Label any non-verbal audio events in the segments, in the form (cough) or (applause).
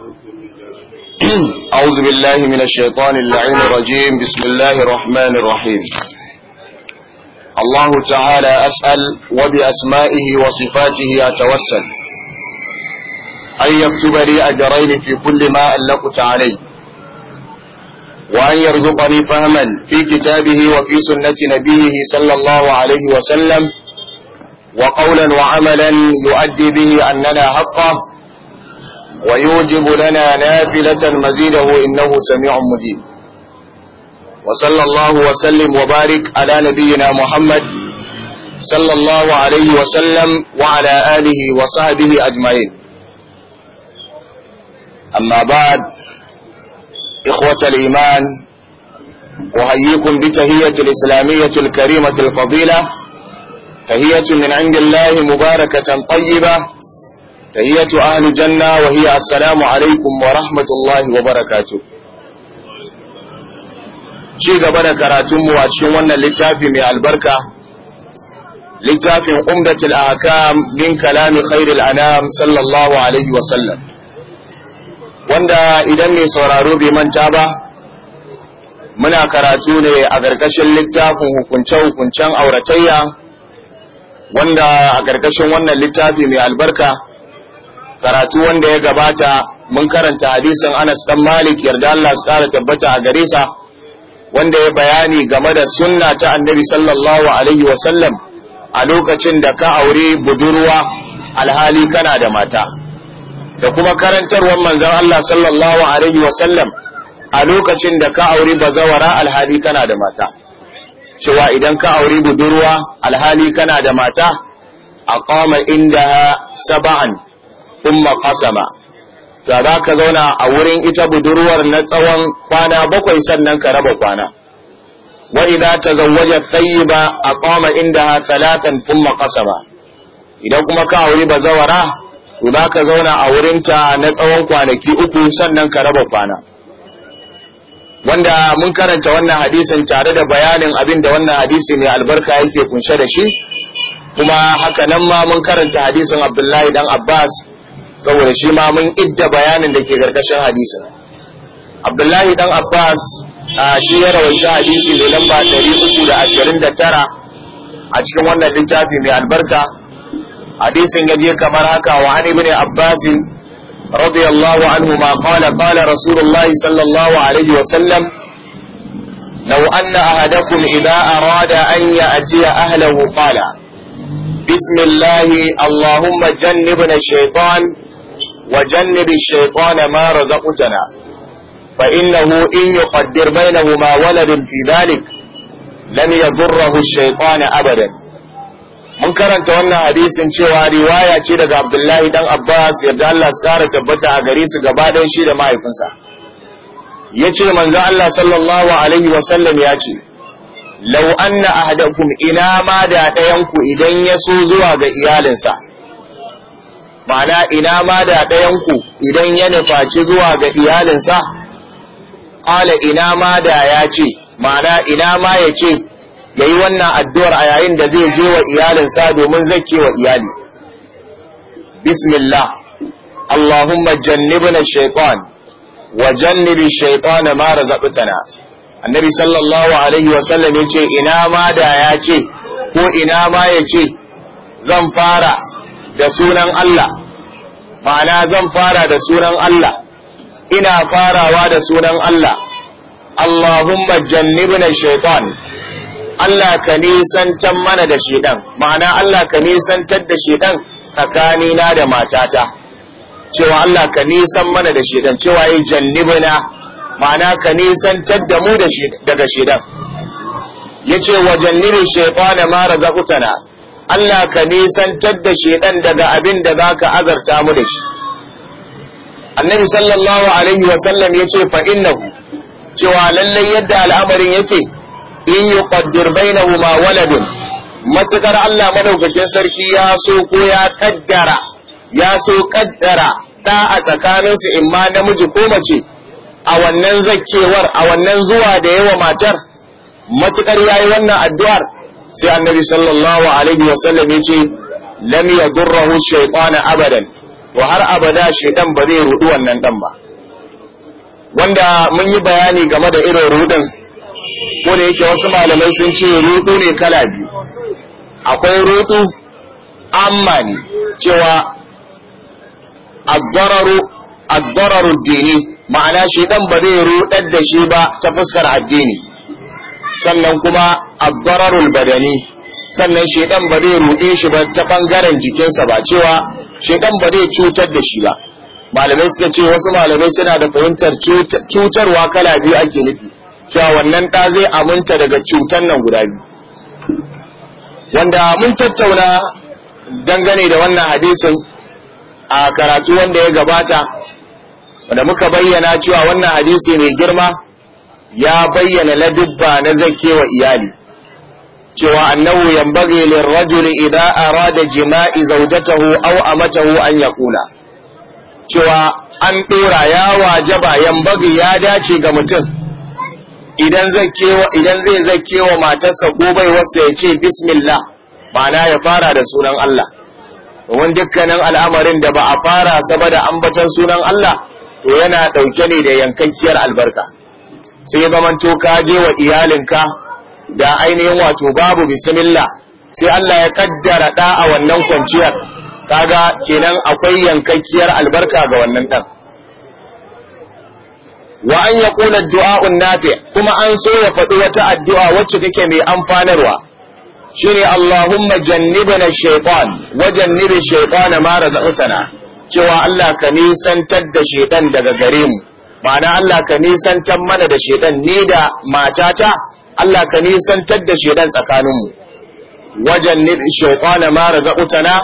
(clears throat) أعوذ بالله من الشيطان اللعين الرجيم بسم الله الرحمن الرحيم الله تعالى أسأل وبأسمائه وصفاته أتوسل أن يكتب لي أجرين في كل ما ألقت عليه وأن يرزقني فهما في كتابه وفي سنة نبيه صلى الله عليه وسلم وقولا وعملا يؤدي به أننا حقه ويوجب لنا نافلة مزيده إنه سميع مجيب وصلى الله وسلم وبارك على نبينا محمد صلى الله عليه وسلم وعلى آله وصحبه أجمعين أما بعد إخوة الإيمان أحييكم بتهية الإسلامية الكريمة الفضيلة فهية من عند الله مباركة طيبة تهية أهل الجنة وهي السلام عليكم ورحمة الله وبركاته ci gaba da karatunmu a cikin wannan littafi mai albarka littafin umdatul ahkam min kalami khairul anam sallallahu alaihi wa sallam wanda idan mai sauraro bai manta ba muna karatu ne a gargashin littafin hukunce-hukuncen auratayya wanda a gargashin wannan littafi mai albarka karatu wanda ya gabata mun karanta hadisin Anas dan Malik yarda Allah su kara tabbata a gare sa wanda ya bayani game da sunna ta Annabi sallallahu alaihi wa sallam a lokacin da ka aure budurwa alhali kana da mata da kuma karantarwar manzon Allah sallallahu alaihi wa sallam a lokacin da ka aure bazawara alhali kana da mata cewa idan ka aure budurwa alhali kana da mata aqama indaha sab'an thumma qasama to za ka zauna a wurin ita budurwar na tsawon kwana bakwai sannan ka raba kwana wa idza tazawwaja thayyiba aqama indaha thalathan thumma qasama idan kuma ka aure bazawara to za ka zauna a wurin ta na tsawon kwanaki uku sannan ka raba kwana wanda mun karanta wannan hadisin tare da bayanin abin da wannan hadisi ne albarka yake kunshe da shi kuma haka nan ma mun karanta hadisin abdullahi dan abbas saboda shi ma mun idda bayanin da ke karkashin hadisin abdullahi dan abbas a shi ya rawanci hadisi mai lamba 329 a cikin wannan littafi mai albarka hadisin ya je kamar haka wa an ibn abbas radiyallahu anhu ma qala qala rasulullahi sallallahu alaihi wa sallam لو أن أحدكم إذا أراد أن يأتي أهله قال بسم الله اللهم جنبنا الشيطان وجنب الشيطان ما رزقتنا فإنه إن يقدر بينهما ولد في ذلك لم يضره الشيطان أبدا mun karanta wannan hadisin cewa riwaya ce daga Abdullahi dan Abbas yadda Allah su kara tabbata a gare su gaba dan shi da mahaifinsa yace manzo Allah sallallahu alaihi wa sallam ya ce law anna ahadakum ina ma da ɗayan ku idan ya so zuwa ga iyalinsa mana ina ma da ɗayanku idan ya nufaci zuwa ga iyalinsa ƙala ina ma da ya ce mana ina ma ya ce ya yi wannan addu'ar a yayin da zai je wa iyalinsa domin zai wa iyali bismillah allahumma jannibna shaitan wa jannibi shaitan ma tana. annabi sallallahu alaihi wasallam ya ce ina ma da ya ce ko ina ma ya ce zan fara da sunan Allah ma'ana zan fara da sunan Allah ina farawa da sunan Allah Allahumma jannibna shaitan Allah ka nisantar mana da shiɗan, ma'ana Allah ka nisantar da shiɗan tsakanina da matata cewa Allah ka nisan mana da shiɗan, cewa yi eh, jannibna ma'ana ka nisantar da mu daga shedan yace wa jannibin shaitan ma razaqtana Allah ka nisantar da shedan daga abin da za ka azarta mu da shi annabi sallallahu alaihi wasallam ya ce fa'innahu cewa lallai yadda al'amarin yake in yi ƙaddir bainahu ma waladun matukar Allah madaukakin sarki ya so ko ya kaddara ya so kaddara ta a tsakaninsu in ma namiji ko mace a wannan zakkewar a wannan zuwa da yawa matar matukar yayi wannan addu'ar sai annabi sallallahu alaihi wa sallam ce lam yadurruhu shaytan abadan to har abada shaytan ba zai rudu wannan dan ba wanda mun yi bayani game da irin rudin ko da yake wasu malamai sun ce rudu ne kala biyu akwai rudu amma ne cewa addararu addararu dini ma'ana shaytan ba zai rudar da shi ba ta fuskar addini sannan kuma abdararul badani sannan shedan ba zai ruɗe shi ba ta bangaren jikinsa ba cewa shedan ba zai cutar da shi ba malamai suka ce wasu malamai suna da fahimtar cutarwa kala biyu ake nufi cewa wannan ɗa zai aminta daga cutar nan guda biyu wanda mun tattauna dangane da wannan hadisin a karatu wanda ya gabata wanda muka bayyana cewa wannan hadisi mai girma ya bayyana ladubba na zakewa iyali cewa annahu yanbaghi rajuli idza arada jima'i zawjatahu aw amatahu an yaqula cewa an dora ya wajaba yanbaghi ya dace ga mutum idan zakewa idan zai zakewa matarsa ko bai wasa ya ce bismillah ma'ana ya fara da sunan Allah domin dukkanin al'amarin da ba a fara saboda da ambaton sunan Allah to yana dauke ne da yankakkiyar albarka sai ya zamanto ka je wa iyalinka da ainihin wato babu bismillah sai Allah ya kaddara da a wannan kwanciyar kaga kenan akwai yankakkiyar albarka ga wannan dan wa an yaqula du'a'un nafi kuma an so ya faɗi wata addu'a wacce take mai amfanarwa shine Allahumma jannibna shaytan wa jannibi shaytana ma razaqtana cewa Allah ka nisantar da shaytan daga gare mu ma'ana Allah ka nisantar mana da shedan ni da matata Allah ka nisantar da shedan tsakaninmu wajen mara shaytana ma na,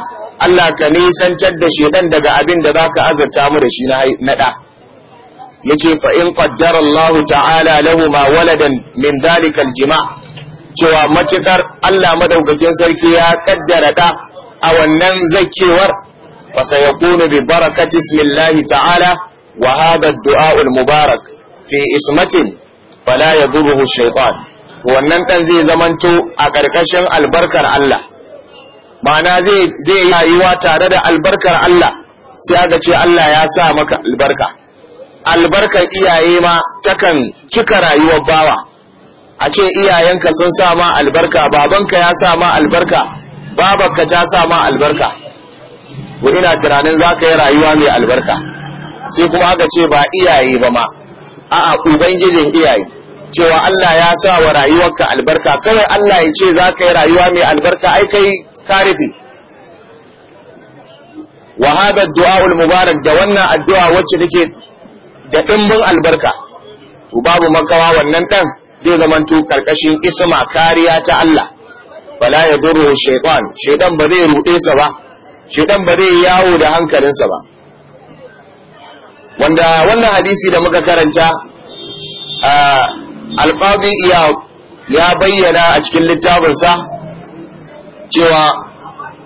Allah ka nisantar da shedan daga abin da zaka azarta mu da shi na Ya yace fa in qaddara Allah ta'ala lahu ma waladan min dalikal jima'a. cewa matukar Allah madaukakin sarki ya ƙaddara da a wannan zakewar fa sayakunu bi barakati ismillahi ta'ala وهذا الدعاء المبارك في اسمة فلا يضره الشيطان wannan ɗan zai zamanto a ƙarƙashin albarkar Allah ma'ana zai yi rayuwa tare da albarkar Allah sai aka ce Allah ya sa maka albarka albarkar iyaye ma takan cika rayuwar bawa a ce iyayenka sun sa ma albarka babanka ya sa ma albarka babanka ta sa ma albarka ko ina tunanin za ka yi rayuwa mai albarka sai kuma aka ce ba iyaye ba ma a'a ubangijin iyaye cewa Allah ya sa wa rayuwarka albarka kawai Allah ya ce za ka yi rayuwa mai albarka ai kai karifi wa hada du'aul mubarak da wannan addu'a wacce take da dimbin albarka to babu makawa wannan dan zai zamanto karkashin isma kariya ta Allah bala ya duru shaytan shaytan ba zai rude sa ba shaytan ba zai yawo da hankalinsa ba wanda wannan hadisi da muka karanta alƙadi iya ya bayyana a cikin littafinsa cewa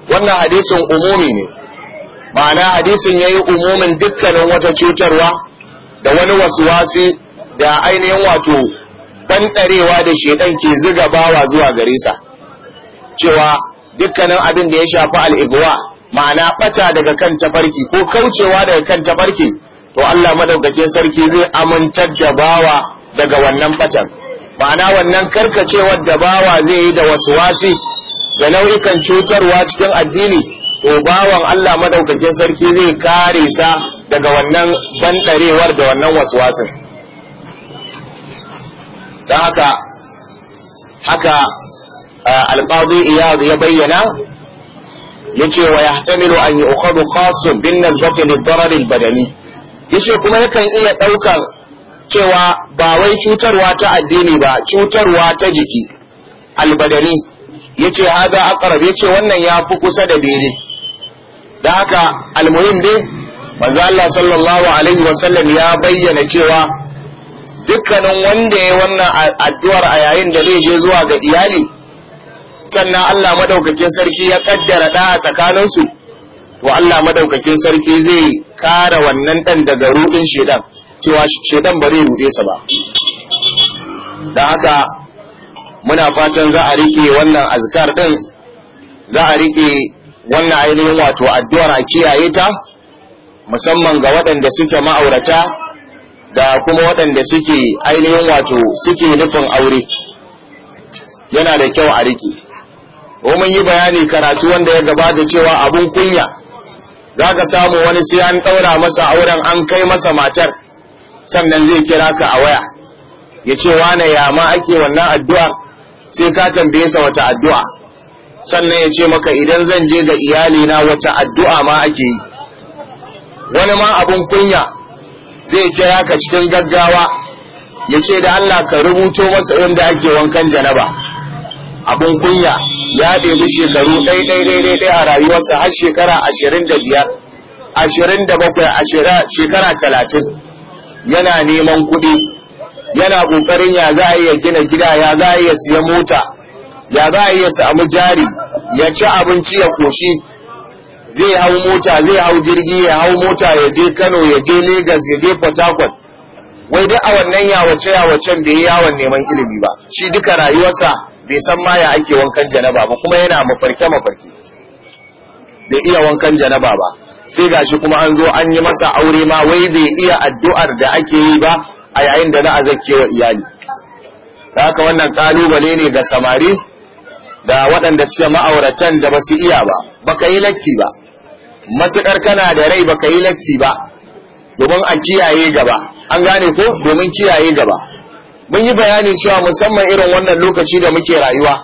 wannan hadisin umumi ne ma'ana hadisin ya yi umumin dukkanin wata cutarwa da wani wasuwasi da ainihin wato ɗanɗarewa da shedan ke ziga bawa zuwa gare sa cewa dukkanin abin da ya shafi al'iguwa ma'ana ɓata daga kan tafarki ko kaucewa daga kan tafarki to Allah madaukakin sarki zai amintar da bawa daga wannan fatan ma'ana wannan karkacewar da bawa zai yi da wasu wasi da nau'ikan cutarwa cikin addini to bawan Allah madaukakin sarki zai kare sa daga wannan bandarewar da wannan waswasin don haka haka alƙazi iyaz ya bayyana yace wa yahtamilu an yu'khadhu khasun bin nazbati lid-darar al-badani yace kuma yakan iya ɗaukar cewa ba wai cutarwa ta addini ba cutarwa ta jiki albadani yace haza aqrab yace wannan yafi kusa da dare da haka almuhim dai manzo Allah sallallahu alaihi wasallam ya bayyana cewa dukkanin wanda ya wannan addu'ar a yayin da zai je zuwa ga iyali sannan Allah madaukakin sarki ya kaddara da a tsakaninsu to Allah madaukakin sarki zai kara wannan dan daga ruɗin shedan cewa shedan ba zai ruɗe sa ba da haka muna fatan za a rike wannan azkar ɗin za a rike wannan ainihin wato addu'ar a kiyaye ta musamman ga waɗanda suke ma'aurata da kuma waɗanda suke ainihin wato suke nufin aure yana da kyau a rike mun yi bayani karatu wanda ya gabata cewa abun kunya za ka samu wani sai an ɗaura masa auren an kai masa matar sannan zai kira ka a waya ya ce wane ya ma ake wannan addu'a sai ka tambaye sa wata addu'a sannan ya ce maka idan zan je ga iyalina wata addu'a ma ake yi wani ma abin kunya zai kira ka cikin gaggawa ya ce da Allah ka rubuto masa inda ake wankan janaba abin kunya ya ɗebi shekaru ɗai ɗai ɗai ɗai a rayuwarsa har shekara ashirin da biyar ashirin da bakwai shekara talatin yana neman kuɗi yana ƙoƙarin ya za a iya gina gida ya za a iya siya mota ya za a iya samu jari ya ci abinci ya koshi zai hau mota zai hau jirgi ya hau mota ya je kano ya je Legas ya je port harcourt wai dai a wannan yawace yawacen bai yi yawon neman ilimi ba shi duka rayuwarsa bai san ma ya ake wankan janaba ba kuma yana mafarke mafarki bai iya wankan janaba ba sai gashi kuma an zo an yi masa aure ma wai bai iya addu'ar da ake yi ba a yayin da za a zakke wa iyali haka wannan kalubale ne ga samari da waɗanda suke ma'auratan da ba su iya ba baka yi latti ba matukar kana da rai baka yi latti ba domin a kiyaye gaba an gane ko domin kiyaye gaba mun yi bayani cewa musamman irin wannan lokaci da muke rayuwa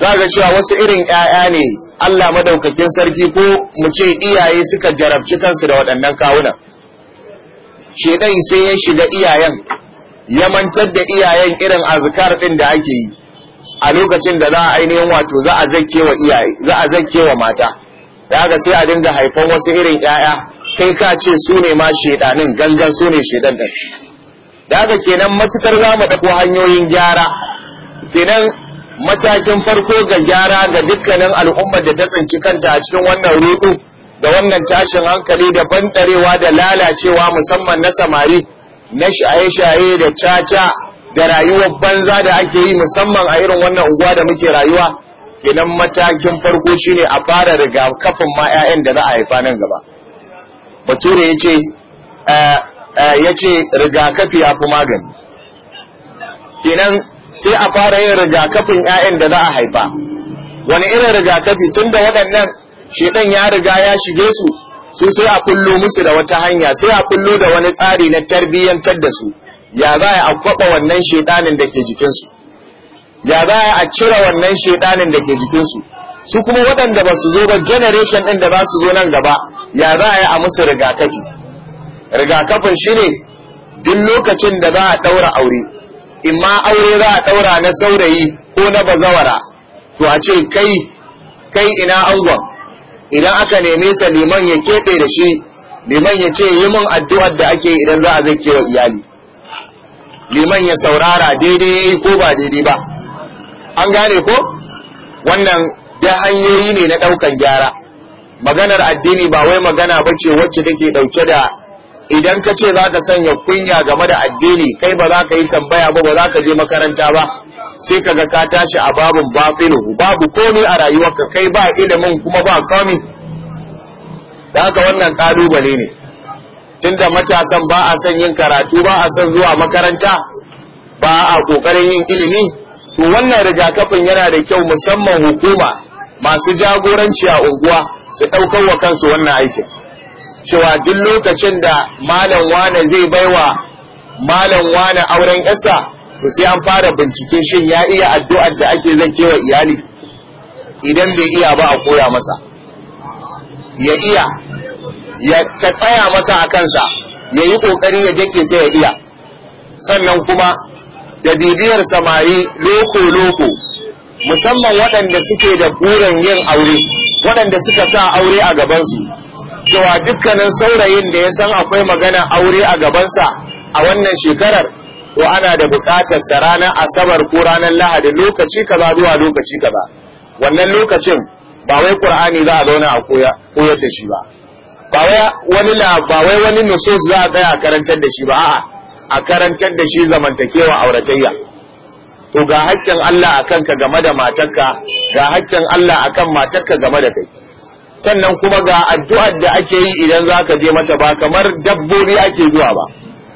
za ga cewa wasu irin 'ya'ya ne Allah madaukakin sarki ko mu ce iyaye suka jarabci kansu da waɗannan kawunan shedan sai ya shiga iyayen ya mantar da iyayen irin azkar din da ake yi a lokacin da za a ainihin wato za a zakke wa iyaye za a zakke mata da haka sai a dinga haifan wasu irin 'ya'ya kai ka ce su ne ma shedanin gangan su ne shedan din da haka kenan matukar za mu ɗauko hanyoyin gyara kenan matakin farko ga gyara ga dukkanin al'ummar da ta tsinci kanta a cikin wannan rudu da wannan tashin hankali da banɗarewa da lalacewa musamman na samari na shaye-shaye da caca da rayuwar banza da ake yi musamman a irin wannan unguwa da muke rayuwa kenan matakin farko shine a fara rigakafin ma 'ya'yan da za a haifa nan gaba bature ya ce eh, Eh, ya ce rigakafi ya fi magani kenan sai a fara yin rigakafin 'ya'yan da za a haifa wani irin rigakafi tun da waɗannan shedan ya riga ya shige su su sai a kullo musu da wata hanya sai a kullo da wani tsari na tarbiyyantar da su ya za a kwaba wannan shiɗanin da ke jikinsu ya za a cire wannan shiɗanin da ke jikinsu su kuma waɗanda ba su zo ba generation ɗin da za su zo nan gaba ya za a yi a musu rigakafi rigakafin ne duk lokacin da za a ɗaura aure in ma aure za a ɗaura na saurayi ko na bazawara to a ce kai kai ina angon idan aka neme sa liman ya keɓe da shi liman ya ce yi min addu'ar da ake idan za a zai kewa iyali liman ya saurara daidai ko ba daidai ba an gane ko wannan da hanyoyi ne na ɗaukan gyara maganar addini ba wai magana ba ce wacce take ɗauke da idan ka ce za ka sanya kunya game da addini kai ba za ka yi tambaya ba ba za ka je makaranta ba sai ka ga ka tashi a babin bafilu babu komai a rayuwarka kai ba ilimin kuma ba komi da haka wannan kalubale ne tunda matasan ba a son yin karatu ba a son zuwa makaranta ba a kokarin yin ilimi to wannan rigakafin yana da kyau musamman hukuma masu jagoranci a unguwa su ɗaukar wa kansu wannan aikin cewa duk lokacin da malam wane zai baiwa malam wane auren yasa to sai an fara bincike shin ya iya addu'ar da ake zan kewa iyali idan bai iya ba a koya masa ya iya ya ta tsaya masa a kansa ya yi ƙoƙari ya jake ta ya iya sannan kuma da bibiyar samari loko-loko musamman waɗanda suke da burin yin aure waɗanda suka sa aure a gabansu cewa dukkanin saurayin da ya san akwai magana aure a gabansa a wannan shekarar to ana da buƙatar sa ranar asabar ko ranar lahadi lokaci kaza zuwa lokaci kaza wannan lokacin ba wai qur'ani za a zauna a koyar da shi ba ba wai wani ba wai wani nusus za a tsaya a karantar da shi ba a'a a karantar da shi zamantakewa auratayya to ga haƙƙin Allah akan ka game da matarka ga haƙƙin Allah akan matarka game da kai sannan kuma ga addu'ar da ake yi idan za ka je mata ba kamar dabbobi ake zuwa ba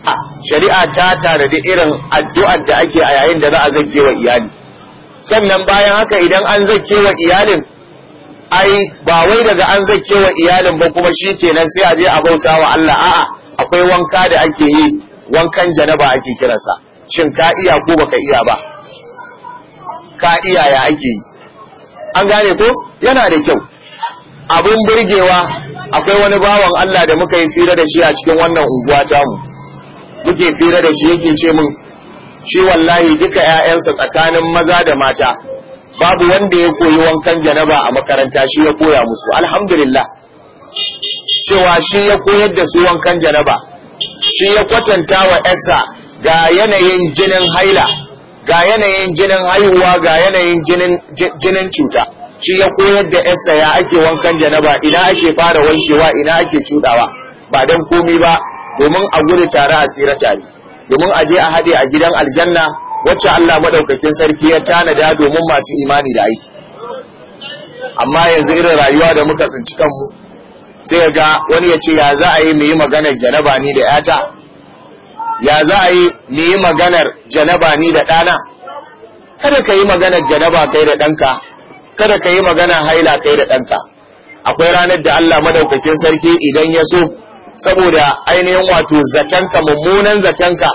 a shari'a ta tare da irin addu'ar da ake a yayin da za a zake wa iyali sannan bayan haka idan an zake wa iyalin ai ba wai daga an zake wa iyalin ba kuma shi kenan sai a je a bauta wa Allah a'a akwai wanka da ake yi wankan janaba ake kiransa shin ka iya ko baka iya ba ka iya ya ake yi an gane ko yana da kyau abin burgewa akwai wani bawan Allah da muka yi fira da shi a cikin wannan unguwa mu, muke fira da shi yake ce mun shi wallahi duka 'ya'yansa tsakanin maza da mata babu wanda ya koyi wankan janaba a makaranta shi ya koya musu alhamdulillah cewa shi ya koyar da su wankan janaba shi ya kwatanta wa yarsa ga yanayin jinin haila ga yanayin jinin haihuwa ga yanayin jinin cuta shi ya koyar da yarsa ya ake wankan janaba ina ake fara wankewa ina ake cudawa ba dan komai ba domin a gudu tare a tsira tare domin a je a haɗe a gidan aljanna wacce Allah madaukakin sarki ya tanada domin masu imani da aiki amma yanzu irin rayuwa da muka tsinci kanmu sai ga wani ya ce ya za a yi mu yi maganar janaba ni da yata ya za a yi mu yi maganar janaba ni da ɗana kada ka yi maganar janaba kai da ɗanka kada ka yi magana haila kai da ɗanka akwai ranar da Allah madaukakin sarki idan ya so saboda ainihin wato zatanka mummunan zatanka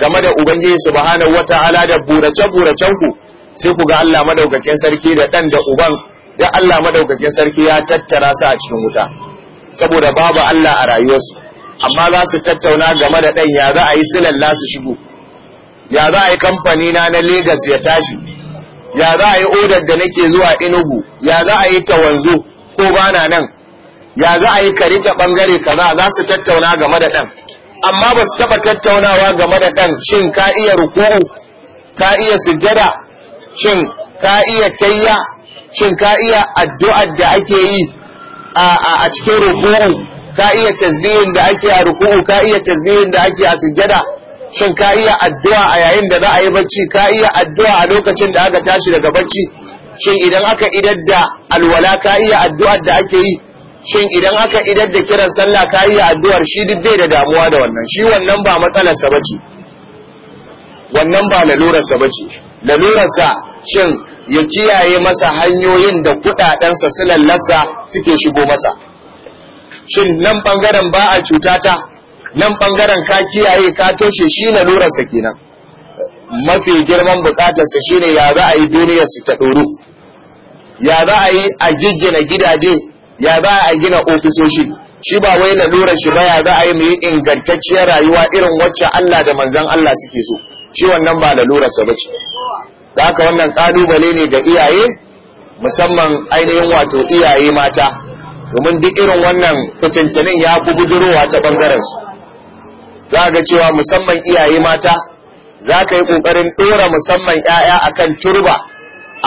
game da ubangiji subhanahu wataala da burace buracen ku sai ku ga Allah madaukakin sarki da ɗan da uban da Allah madaukakin sarki ya tattara su a cikin wuta saboda babu Allah a rayuwarsu amma za su tattauna game da ɗan ya za a yi silan su shigo ya za a yi kamfani na na legas ya tashi ya za a yi odar da nake zuwa inugu ya za a yi tawanzu ko bana nan ya za a yi ka ta bangare kaza za su tattauna game da ɗan amma ba su taɓa tattaunawa game da ɗan shin ka iya ruku'u ka iya sujjada shin ka iya tayya shin ka iya addu'ar da ake yi a cikin ruku'u ka iya tasbihin da ake a ruku'u ka iya tasbihin da ake a sujada. shin ka iya addu'a a yayin da za a yi bacci ka iya addu'a a lokacin da aka tashi daga bacci shin idan aka idar da alwala ka iya addu'ar da ake yi shin idan aka idar da kiran sallah ka iya addu'ar shi duk bai da damuwa da wannan shi wannan ba matsalarsa bace wannan ba lalurarsa bace lalurarsa shin ya kiyaye masa hanyoyin da kudadensa su lallasa suke shigo masa shin nan bangaren ba a cuta ta nan bangaren ka kiyaye ka toshe shi na lurarsa kenan mafi girman bukatarsa shine ya za a yi duniyar su ta ɗoro ya za a yi a giggina gidaje ya za a gina ofisoshi shi ba wai lalurar shi ba ya za a yi muyi ingantacciyar rayuwa irin wacce Allah da Manzan Allah suke so shi wannan ba lalurarsa ba ce da haka wannan kalubale ne ga iyaye musamman ainihin wato iyaye mata domin duk irin wannan fitintinin ya fi bujurowa ta bangaren su za ga cewa musamman iyaye mata za ka yi ƙoƙarin ɗora musamman 'ya'ya a kan turba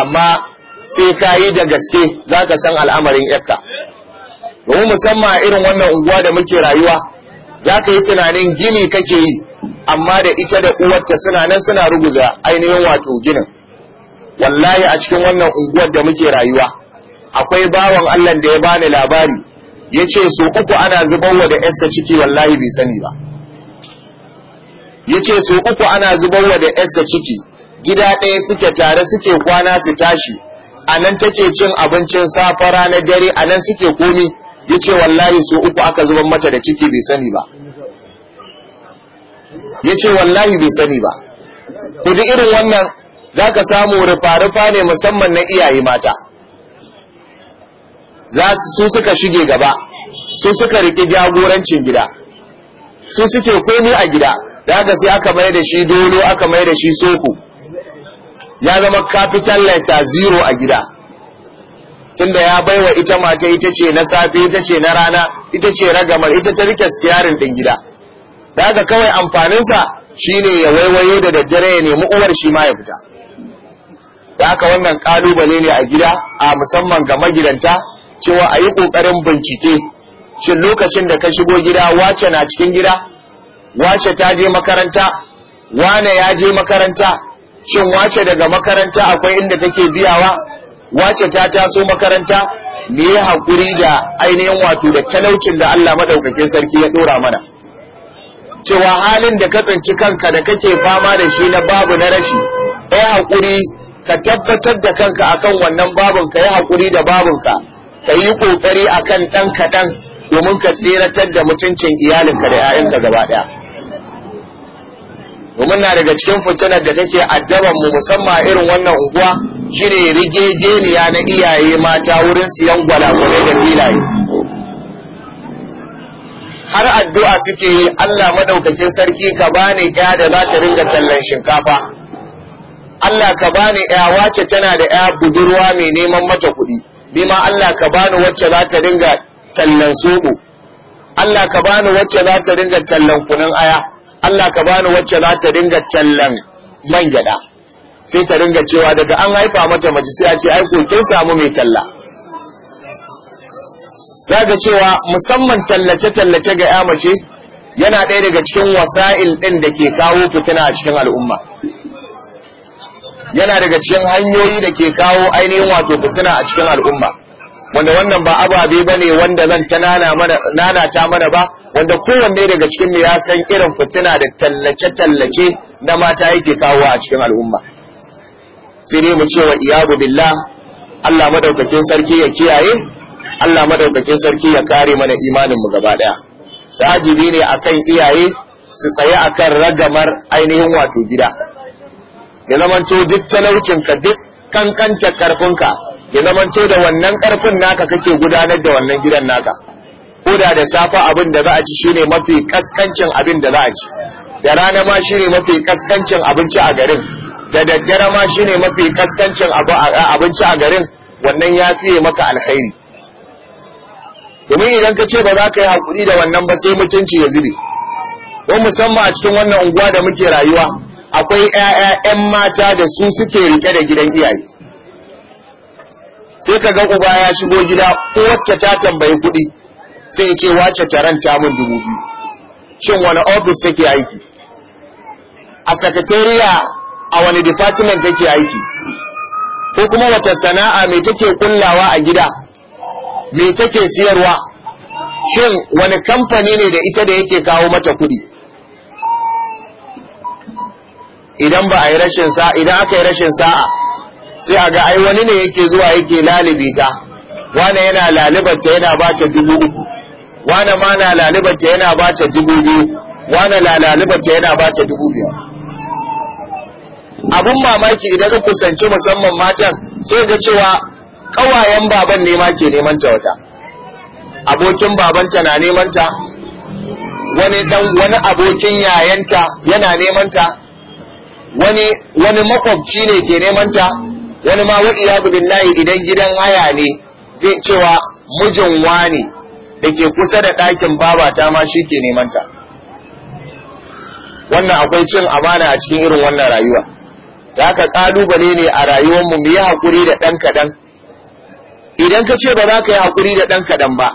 amma sai ka yi da gaske za ka san al'amarin yarka domin musamman a irin wannan unguwa da muke rayuwa za ka yi tunanin gini kake yi amma da ita da uwarta suna nan suna ruguza ainihin wato ginin wallahi a cikin wannan unguwar da muke rayuwa akwai bawan Allah da ya bani labari ya ce su uku ana zubarwa da yarsa ciki wallahi bai sani ba yace su uku ana zubarwa da yarsa ciki gida ɗaya suke tare suke kwana su tashi a nan take cin abincin safara ranar dare a nan suke komi yace wallahi su uku aka zubar mata da ciki bai sani ba yace wallahi bai sani ba ku irin wannan zaka samu rufa-rufa ne musamman na iyaye mata za su suka shige gaba su suka riƙe jagorancin gida su suke komi a gida da sai aka mai da shi dolo aka mai da shi soko ya zama capital letter zero a gida tunda ya baiwa ita mata ita ce na safe ita ce na rana ita ce ragamar ita ta rike stiyarin din gida da kawai amfaninsa shine ya waiwayo da daddare ya nemi uwar shi ma ya fita da haka wannan kalubale ne a gida a musamman ga magidanta cewa a yi ƙoƙarin bincike shin lokacin da ka shigo gida wace na cikin gida wace ta je makaranta wane ya je makaranta shin wace daga makaranta akwai inda take biyawa wace ta taso makaranta me ya haƙuri da ainihin wato da talaucin da Allah maɗaukakin sarki ya ɗora mana cewa halin da ka tsinci kanka da kake fama da shi na babu na rashi ya haƙuri ka tabbatar da kanka akan wannan ka ya haƙuri da babunka ka yi ƙoƙari akan ɗan kaɗan domin ka tseratar da mutuncin iyalinka da 'ya'yanka gaba ɗaya domin na daga cikin fitinar da take addaban mu musamman irin wannan unguwa shine rigejeniya na iyaye mata wurin siyan gwalagwale da filaye har addu'a suke yi Allah madaukakin sarki ka bani ya da za ta ringa tallan shinkafa Allah ka bani ya wace tana da ya budurwa mai neman mata kuɗi bima Allah ka bani wacce za ta ringa tallan soɓo Allah ka bani wacce za ta ringa tallan kunun aya Allah ka bani wacce za ta dinga tallan man gyada sai ta dinga cewa daga an haifa mata mace sai a ce ai kin samu mai talla ga cewa musamman tallace tallace ga ya mace yana ɗaya daga cikin wasa'il ɗin da ke kawo fitina a cikin al'umma yana daga cikin hanyoyi da ke kawo ainihin wato fitina a cikin al'umma wanda wannan ba ababe ne wanda zan ta nana mana ba wanda kowanne daga cikin mu ya san irin fitina da tallace-tallace na mata yake kawo a cikin al'umma sai dai mu ce wa billah Allah madaukakin sarki ya kiyaye Allah madaukakin sarki ya kare mana imanin mu gaba daya wajibi ne akan iyaye su tsaye akan ragamar ainihin wato gida ya zamanto duk talaucin ka duk kankanta karfinka ya zamanto da wannan karfin naka kake gudanar da wannan gidan naka Koda da safe safa abin da za a ci shine mafi kaskancin abin da za a ci da rana ma shine mafi kaskancin abinci a garin da daddare ma shine mafi kaskancin abinci a garin wannan ya fiye maka alkhairi domin idan ka ce ba za ka yi hakuri da wannan ba sai mutunci ya zube don musamman a cikin wannan unguwa da muke rayuwa akwai 'ya'ya'yan mata da su suke rike da gidan iyaye sai ka ga uba ya shigo gida ko wacce ta tambayi kuɗi sai ya ce wace taranta mun dubu biyu shin wani ofis take aiki a sakatariya a wani department take aiki ko kuma wata sana'a mai take kullawa a gida mai take siyarwa shin wani kamfani ne da ita da yake kawo mata kudi idan ba a yi rashin sa'a idan aka yi rashin sa'a sai a ga ai wani ne yake zuwa yake lalibita ta wane yana lalibarta yana ba ta dubu uku wane ma na lalibarta yana ba ta dubu biyu wane na lalibarta yana ba ta dubu biyu abun mamaki idan ka kusanci musamman matan sai ga cewa kawayen baban ne ma ke neman ta wata abokin babanta na neman ta wani dan wani abokin yayanta yana neman ta wani wani makwabci ne ke neman ta wani ma wa iyadu billahi idan gidan haya ne zai cewa mijin wani da ke kusa da ɗakin babata ma shi ke neman ta. wannan akwai cin amana a cikin irin wannan rayuwa da ka ƙalubale ne a rayuwarmu mu yi haƙuri da ɗan kaɗan idan ka ce ba za ka yi haƙuri da ɗan kaɗan ba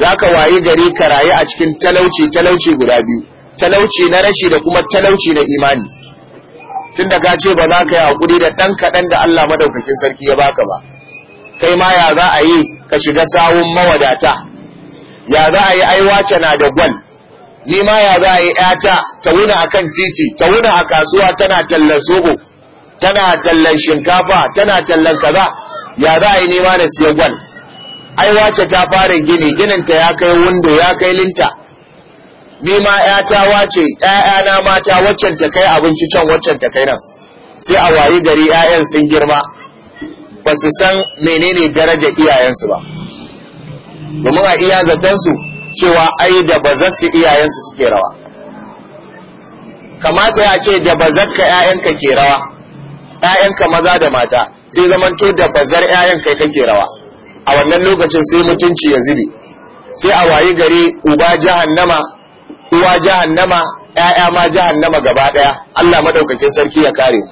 za ka wayi gari ka rayu a cikin talauci talauci guda biyu talauci na rashi da kuma talauci na imani tunda ka ce ba za ka yi haƙuri da ɗan kaɗan da Allah madaukakin sarki ya baka ba kai ma ya za a yi ka shiga sawun mawadata ya za a yi aiwace na da gwal ni ma ya za a yi ƴata ta wuna a kan titi ta wuna a kasuwa tana tallan sogo tana tallan shinkafa tana tallan kaza ya za a yi nema da siya gwal aiwace ta fara gini gininta ya kai windo ya kai linta ni ma ƴata wace ƴaƴana mata waccan ta kai abinci can waccan ta kai nan sai a wayi gari ƴaƴan sun girma ba su san menene darajar iyayensu ba domin a iya zaton su cewa ai da bazassu iyayensu suke rawa kamata ya ce da bazarka ‘ya'yanka ke rawa ‘ya'yanka maza da mata sai zamanto da bazar ‘ya'yanka kake rawa a wannan lokacin sai mutunci ya zube sai a wayi gari uba jahannama uwa jahannama ‘ya'ya ma jahannama gaba ɗaya Allah madaukakin sarki ya kare mu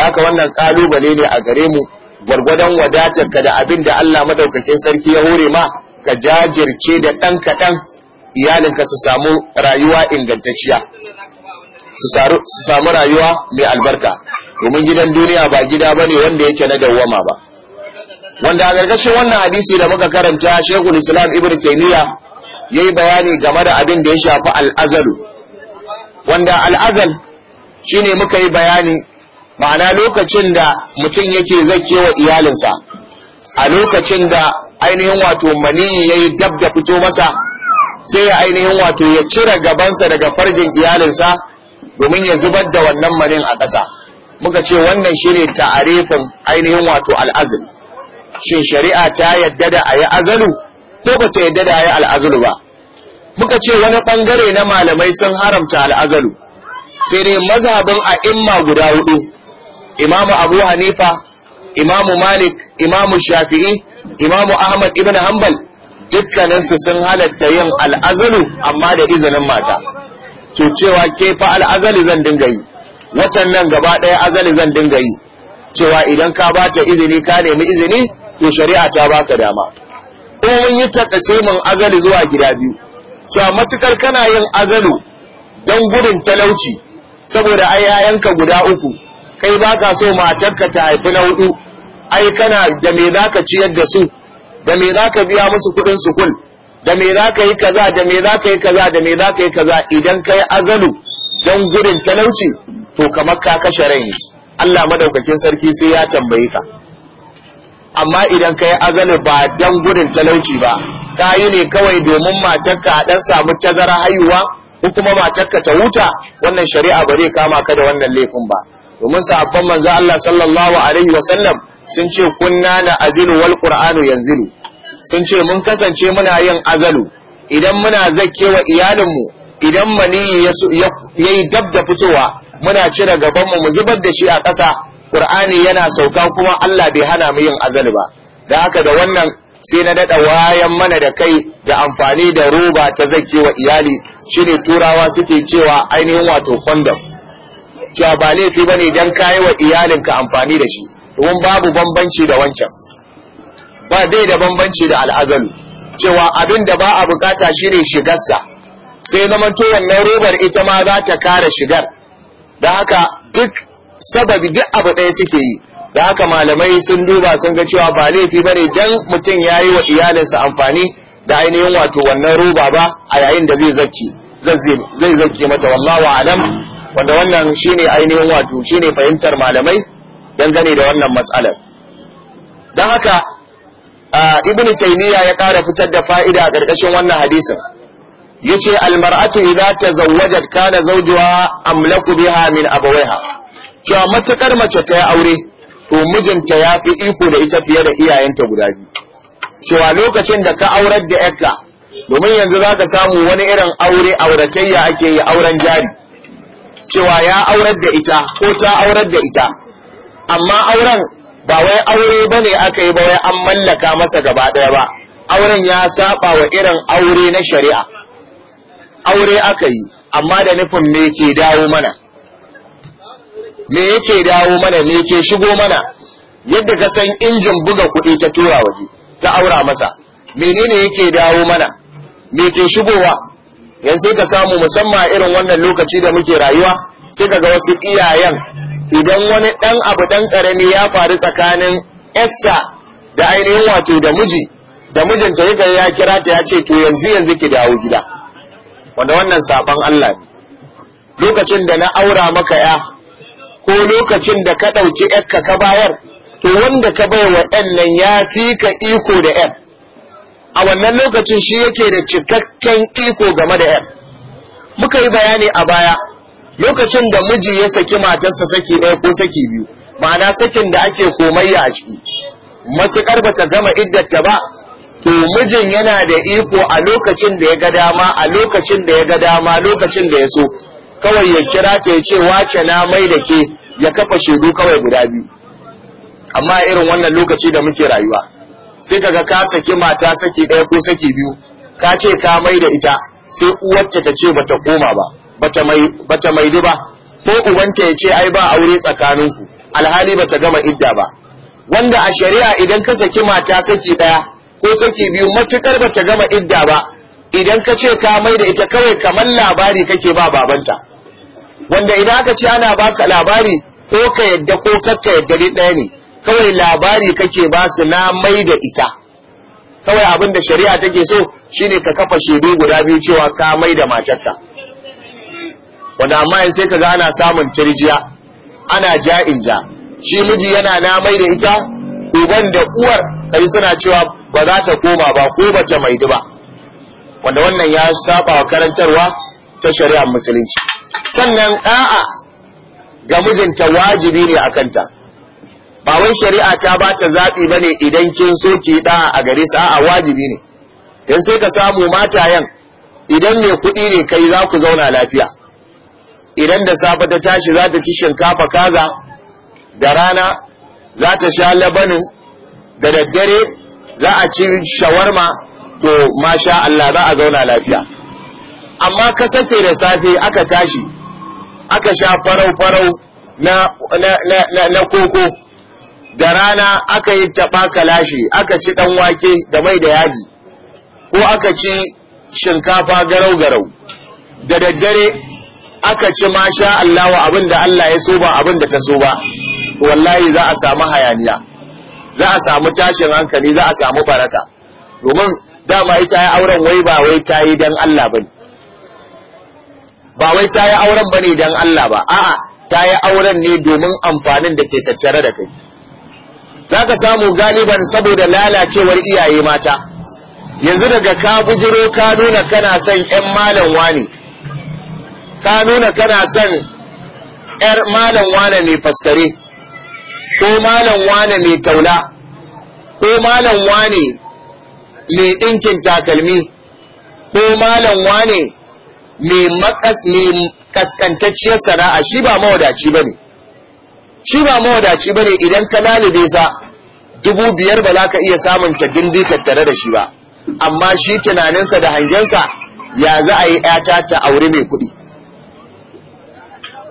haka wannan kalubale ne a gare mu gwargwadon wadatarka da abin da Allah madaukakin sarki ya hore ma ka jajirce da ɗan kaɗan iyalinka su samu rayuwa ingantacciya su samu rayuwa mai albarka domin gidan duniya ba gida ba ne wanda yake na dawwama ba wanda a ƙarƙashin wannan hadisi da muka karanta shekul islam ibn taimiyya ya yi bayani game da abin da ya shafi al'azalu wanda al'azal shine muka yi bayani ma'ana lokacin da mutum yake zakewa iyalinsa a lokacin da ainihin wato mani ya yi dab da fito masa sai ya ainihin wato ya cire gabansa daga farjin iyalinsa domin ya zubar da wannan manin a ƙasa muka ce wannan shine ta'arifin ainihin wato al'azul shin shari'a ta yadda da a yi azalu ko ba ta yadda da a yi al'azlu ba muka ce wani bangare na malamai sun haramta al'azalu sai dai mazhabin imma guda hudu imamu abu hanifa imamu malik imamu shafi'i imamu ahmad ibn hanbal dukkaninsu sun halatta yin al'azalu amma da izinin mata to cewa ke fa al'azali zan dinga yi watan nan gaba ɗaya azali zan dinga yi cewa idan ka ba ta izini ka nemi izini to shari'a ta baka dama ko mun yi mun azali zuwa gida biyu to cewa matukar kana yin azalu don gudun talauci saboda ai yayanka guda uku kai baka so matarka ta haifi na hudu ai kana da me za ciyar da su da me za biya musu kuɗin sukul da me za ka yi kaza da me za yi kaza da me za yi kaza idan ka azalu don gudun talauci to kamar ka kashe rai Allah madaukakin sarki sai ya tambaye ka amma idan ka yi azalu ba don gudun talauci ba ka yi ne kawai domin matarka a ɗan samu tazara haihuwa ko kuma matarka ta huta wannan shari'a ba zai kama ka da wannan laifin ba domin sahabban manzo Allah sallallahu alaihi wa sun ce kunna na azilu wal qur'anu yanzilu sun ce mun kasance muna yin azalu idan muna zakkewa iyalinmu idan mani ya yi dab da fitowa muna cire gabanmu mu zubar da shi a ƙasa qur'ani yana sauka kuma Allah bai hana mu yin azalu ba da haka da wannan sai na dada wayan mana da kai da amfani da roba ta zakkewa iyali shine turawa suke cewa ainihin wato condom kya ba laifi bane dan kayi wa iyalinka amfani da shi domin babu bambanci da wancan ba bai da bambanci da al'azalu cewa abin da ba a bukata shine shigarsa sai zaman to wannan robar ita ma za ta kare shigar da haka duk sababi duk abu ɗaya suke yi da haka malamai sun duba sun ga cewa ba laifi bane dan mutum ya yi wa iyalinsa amfani da ainihin wato wannan roba ba a yayin da zai zaki zai zaki mata wallahu alam wanda wannan shine ainihin wato shine fahimtar malamai dangane da wannan matsalar don haka ibn taymiya ya ƙara fitar da fa'ida a ƙarƙashin wannan hadisin yace almar'atu idza tazawwajat kana zawjuha amlaku biha min abawaiha cewa matukar mace ta yi aure to mijinta ya fi iko da ita fiye da iyayenta guda biyu cewa lokacin da ka aurar da yarka domin yanzu za ka samu wani irin aure auratayya ake yi auren jari cewa ya aurar da ita ko ta aurar da ita amma auren ba wai aure bane aka yi ba wai an mallaka masa gaba ɗaya ba auren ya saba wa irin aure na shari'a aure aka yi amma da nufin me ke dawo mana me yake dawo mana me ke shigo mana yadda ka san injin buga kuɗi ta tura waje ta aura masa menene yake dawo mana me ke shigowa yanzu ka samu musamman irin wannan lokaci da muke rayuwa sai kaga wasu iyayen idan wani ɗan abu ɗan ƙarami ya faru tsakanin yarsa da ainihin wato da miji da mijinta yakan ya kira ta ya ce to yanzu yanzu ki dawo gida wanda wannan saban Allah ne lokacin da na aura maka ya ko lokacin da ka ɗauki yarka ka bayar to wanda ka bai wa ɗan nan ya fi ka iko da yar a wannan lokacin shi yake da cikakken iko game da yar muka yi bayani a baya lokacin da miji ya saki matarsa saki ɗaya ko saki biyu ma'ana sakin da ake komayya a ciki matuƙar ba ta gama ta ba to mijin yana da iko a lokacin da ya ga dama a lokacin da ya ga dama lokacin da ya so kawai ya kira ta ya ce wace na mai da ke ya kafa shaidu kawai guda biyu amma irin wannan lokaci da muke rayuwa sai kaga ka saki mata saki ɗaya ko saki biyu ka ce ka mai da ita sai uwarta ta ce bata koma ba bata maidu ba ko ubanta ya ce ai ba aure tsakaninku alhali bata gama idda ba wanda a shari'a idan ka saki mata saki daya ko saki biyu matukar bata gama idda ba idan ka ce ka mai da ita kawai kamar labari kake ba babanta wanda idan aka ce ana baka labari ko ka yadda ko kakka yadda ni ɗaya ne kawai labari kake ba su na mai da ita kawai abin da shari'a take so shine ka kafa shedu guda biyu cewa ka mai da matarka wanda amma yanzu sai kaga ana samun tirjiya ana ja'in ja shi miji yana namai da ita uban da uwar kai suna cewa ba za ta koma ba ko ba ta maidu ba wanda wannan ya saba wa karantarwa ta shari'ar musulunci sannan A'a. ga mijinta wajibi ne a kanta ba wai shari'a ta ba ta zaɓi ba ne idan kin so ki da a gare su a'a wajibi ne dan sai ka samu matayen idan mai kuɗi ne kai za ku zauna lafiya idan da safe ta tashi za ta ci shinkafa kaza da rana za ta sha labanin da daddare za a ci shawarma to masha Allah za a zauna lafiya amma kasance da safe aka tashi aka sha farau-farau na, na, na, na, koko da rana aka yi taɓa kalashi aka ci ɗan wake da mai da yaji ko aka ci shinkafa garau-garau da daddare aka ci masha sha Allah wa abin da Allah ya so ba abin da ta so ba wallahi za a samu hayaniya za a samu tashin hankali za a samu baraka domin dama ita ya auren wai ba wai ta yi dan Allah bane ba wai ta yi auren bane dan Allah ba a'a ta yi auren ne domin amfanin da ke tattare da kai za ka samu galiban saboda lalacewar iyaye mata yanzu daga ka bujiro ka nuna kana son 'yan malam wani ka nuna kana son ‘yar malam wane mai faskare, ko malam wane mai taula, ko malam wane mai ɗinkin takalmi, ko malam wane mai kaskantacciyar sana'a shi ba mawadaci ba ne. Shi ba mawadaci ba ne idan ka lalube sa dubu biyar ba za ka iya samun ta dindi tattare da shi ba, amma shi tunaninsa da hangensa ya za a yi ‘yata ta aure mai kuɗi.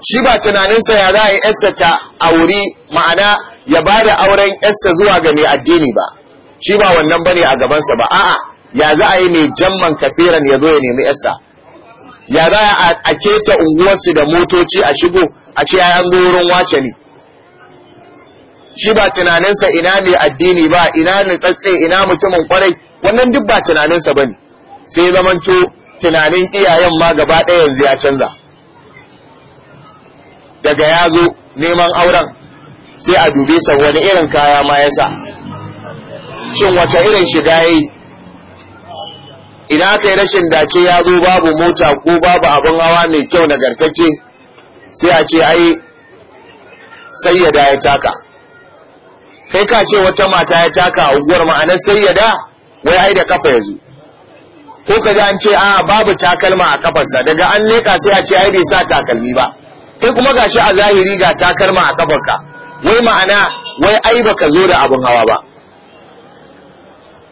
shi ba tunaninsa ya za a yi yarsa ta auri ma'ana ya ba da auren yarsa zuwa ga mai addini ba shi ba wannan bane a gabansa ba a'a ya za a yi mai jamman kafiran ya zo ya nemi yarsa ya za a keta unguwarsu da motoci a shigo a ce ya an wurin wace ne shi ba tunaninsa ina mai addini ba ina nutsatse ina mutumin kwarai wannan duk ba tunaninsa bane sai zamanto tunanin iyayen ma gaba ɗaya yanzu ya canza daga ya zo neman auren sai a dube sa wani irin kaya ma ya sa shin wata irin shiga yi idan aka yi rashin dace ya zo babu mota ko babu abin hawa mai kyau nagartacce sai a ce ai sayyada ya taka kai ka ce wata mata ya taka a unguwar ma'anar sayyada wai ai da kafa ya zo ko ka ji an ce a babu takalma a kafarsa daga an leka sai a ce ai bai sa takalmi ba kai kuma gashi a zahiri ga takarma a kafarka wai ma'ana wai ai baka zo da abin hawa ba